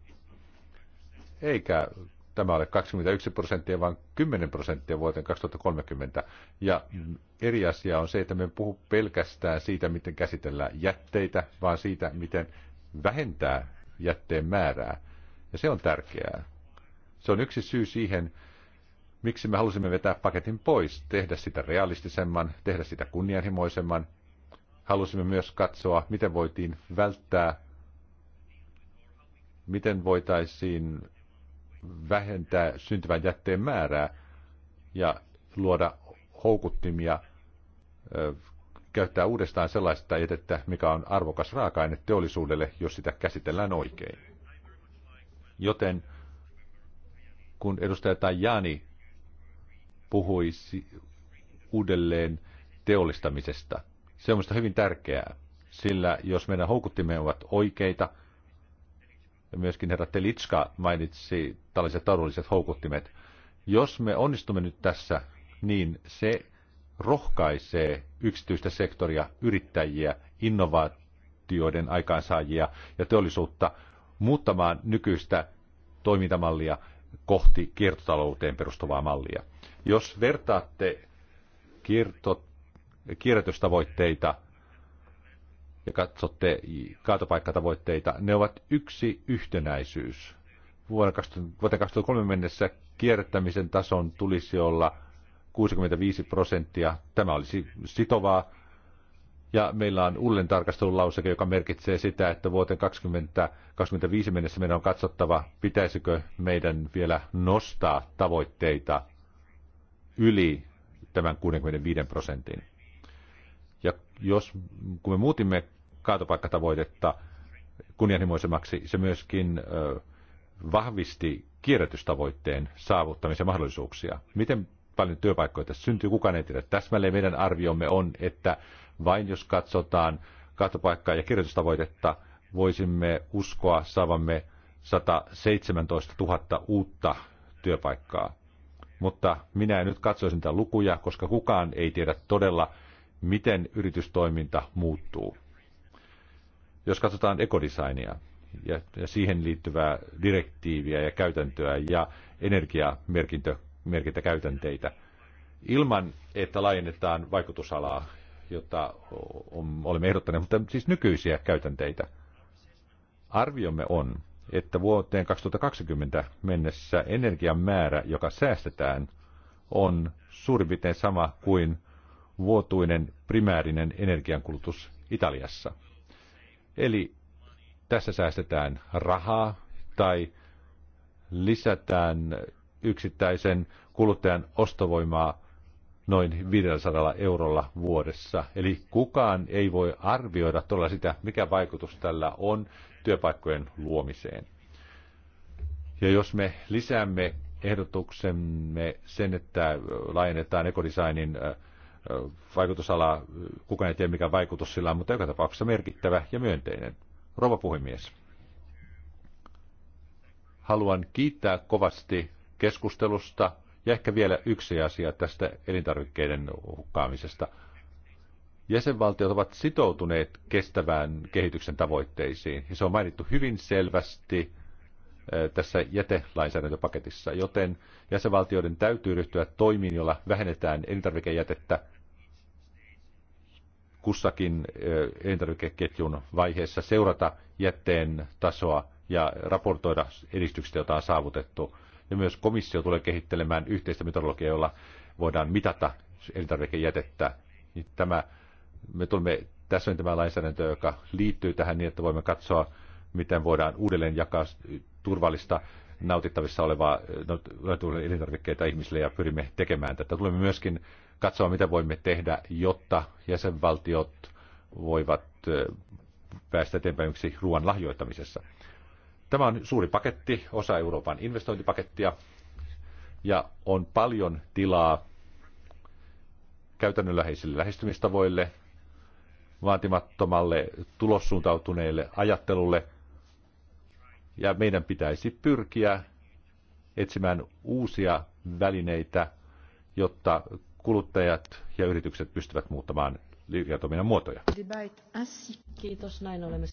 Eikä tämä ole 21 prosenttia, vaan 10 prosenttia vuoteen 2030. Ja eri asia on se, että me puhu pelkästään siitä, miten käsitellään jätteitä, vaan siitä, miten vähentää jätteen määrää. Ja se on tärkeää. Se on yksi syy siihen, miksi me halusimme vetää paketin pois, tehdä sitä realistisemman, tehdä sitä kunnianhimoisemman. Halusimme myös katsoa, miten voitiin välttää, miten voitaisiin vähentää syntyvän jätteen määrää ja luoda houkuttimia käyttää uudestaan sellaista jätettä, mikä on arvokas raaka-aine teollisuudelle, jos sitä käsitellään oikein. Joten kun edustaja Tajani puhui uudelleen teollistamisesta. Se on minusta hyvin tärkeää, sillä jos meidän houkuttimme ovat oikeita, ja myöskin herra Telitska mainitsi tällaiset taloudelliset houkuttimet, jos me onnistumme nyt tässä, niin se rohkaisee yksityistä sektoria, yrittäjiä, innovaatioiden aikaansaajia ja teollisuutta muuttamaan nykyistä toimintamallia kohti kiertotalouteen perustuvaa mallia. Jos vertaatte kierto, kierrätystavoitteita ja katsotte kaatopaikkatavoitteita, ne ovat yksi yhtenäisyys. Vuonna 20, 2003 mennessä kierrättämisen tason tulisi olla 65 prosenttia. Tämä olisi sitovaa ja meillä on uudelleen tarkastelulauseke, joka merkitsee sitä, että vuoteen 2025 mennessä meidän on katsottava, pitäisikö meidän vielä nostaa tavoitteita yli tämän 65 prosentin. Ja jos, kun me muutimme kaatopaikkatavoitetta kunnianhimoisemmaksi, se myöskin ö, vahvisti kierrätystavoitteen saavuttamisen mahdollisuuksia. Miten paljon työpaikkoja tässä syntyy, kukaan ei tiedä täsmälleen. Meidän arviomme on, että vain jos katsotaan kattopaikkaa ja kirjoitustavoitetta, voisimme uskoa saavamme 117 000 uutta työpaikkaa. Mutta minä en nyt katsoisin tätä lukuja, koska kukaan ei tiedä todella, miten yritystoiminta muuttuu. Jos katsotaan ekodesignia ja siihen liittyvää direktiiviä ja käytäntöä ja energiamerkintä merkintäkäytänteitä ilman, että laajennetaan vaikutusalaa, jota olemme ehdottaneet, mutta siis nykyisiä käytänteitä. Arviomme on, että vuoteen 2020 mennessä energian määrä, joka säästetään, on suurin piirtein sama kuin vuotuinen primäärinen energiankulutus Italiassa. Eli tässä säästetään rahaa tai lisätään yksittäisen kuluttajan ostovoimaa noin 500 eurolla vuodessa. Eli kukaan ei voi arvioida todella sitä, mikä vaikutus tällä on työpaikkojen luomiseen. Ja jos me lisäämme ehdotuksemme sen, että laajennetaan ekodesignin vaikutusala, kukaan ei tiedä mikä vaikutus sillä on, mutta joka tapauksessa merkittävä ja myönteinen. Rova puhemies, haluan kiittää kovasti keskustelusta. Ja ehkä vielä yksi asia tästä elintarvikkeiden hukkaamisesta. Jäsenvaltiot ovat sitoutuneet kestävään kehityksen tavoitteisiin, ja se on mainittu hyvin selvästi tässä jätelainsäädäntöpaketissa, joten jäsenvaltioiden täytyy ryhtyä toimiin, joilla vähennetään elintarvikejätettä kussakin elintarvikeketjun vaiheessa, seurata jätteen tasoa ja raportoida edistyksestä, jota on saavutettu ja myös komissio tulee kehittelemään yhteistä metodologiaa, jolla voidaan mitata elintarvikejätettä. Niin tämä, me tulemme täsmentämään lainsäädäntöä, joka liittyy tähän niin, että voimme katsoa, miten voidaan uudelleen jakaa turvallista nautittavissa olevaa elintarvikkeita ihmisille ja pyrimme tekemään tätä. Tulemme myöskin katsoa, mitä voimme tehdä, jotta jäsenvaltiot voivat eh, päästä eteenpäin yksi ruoan lahjoittamisessa. Tämä on suuri paketti, osa Euroopan investointipakettia, ja on paljon tilaa käytännönläheisille lähestymistavoille, vaatimattomalle tulossuuntautuneelle ajattelulle, ja meidän pitäisi pyrkiä etsimään uusia välineitä, jotta kuluttajat ja yritykset pystyvät muuttamaan liiketoiminnan muotoja. Kiitos, näin olemme.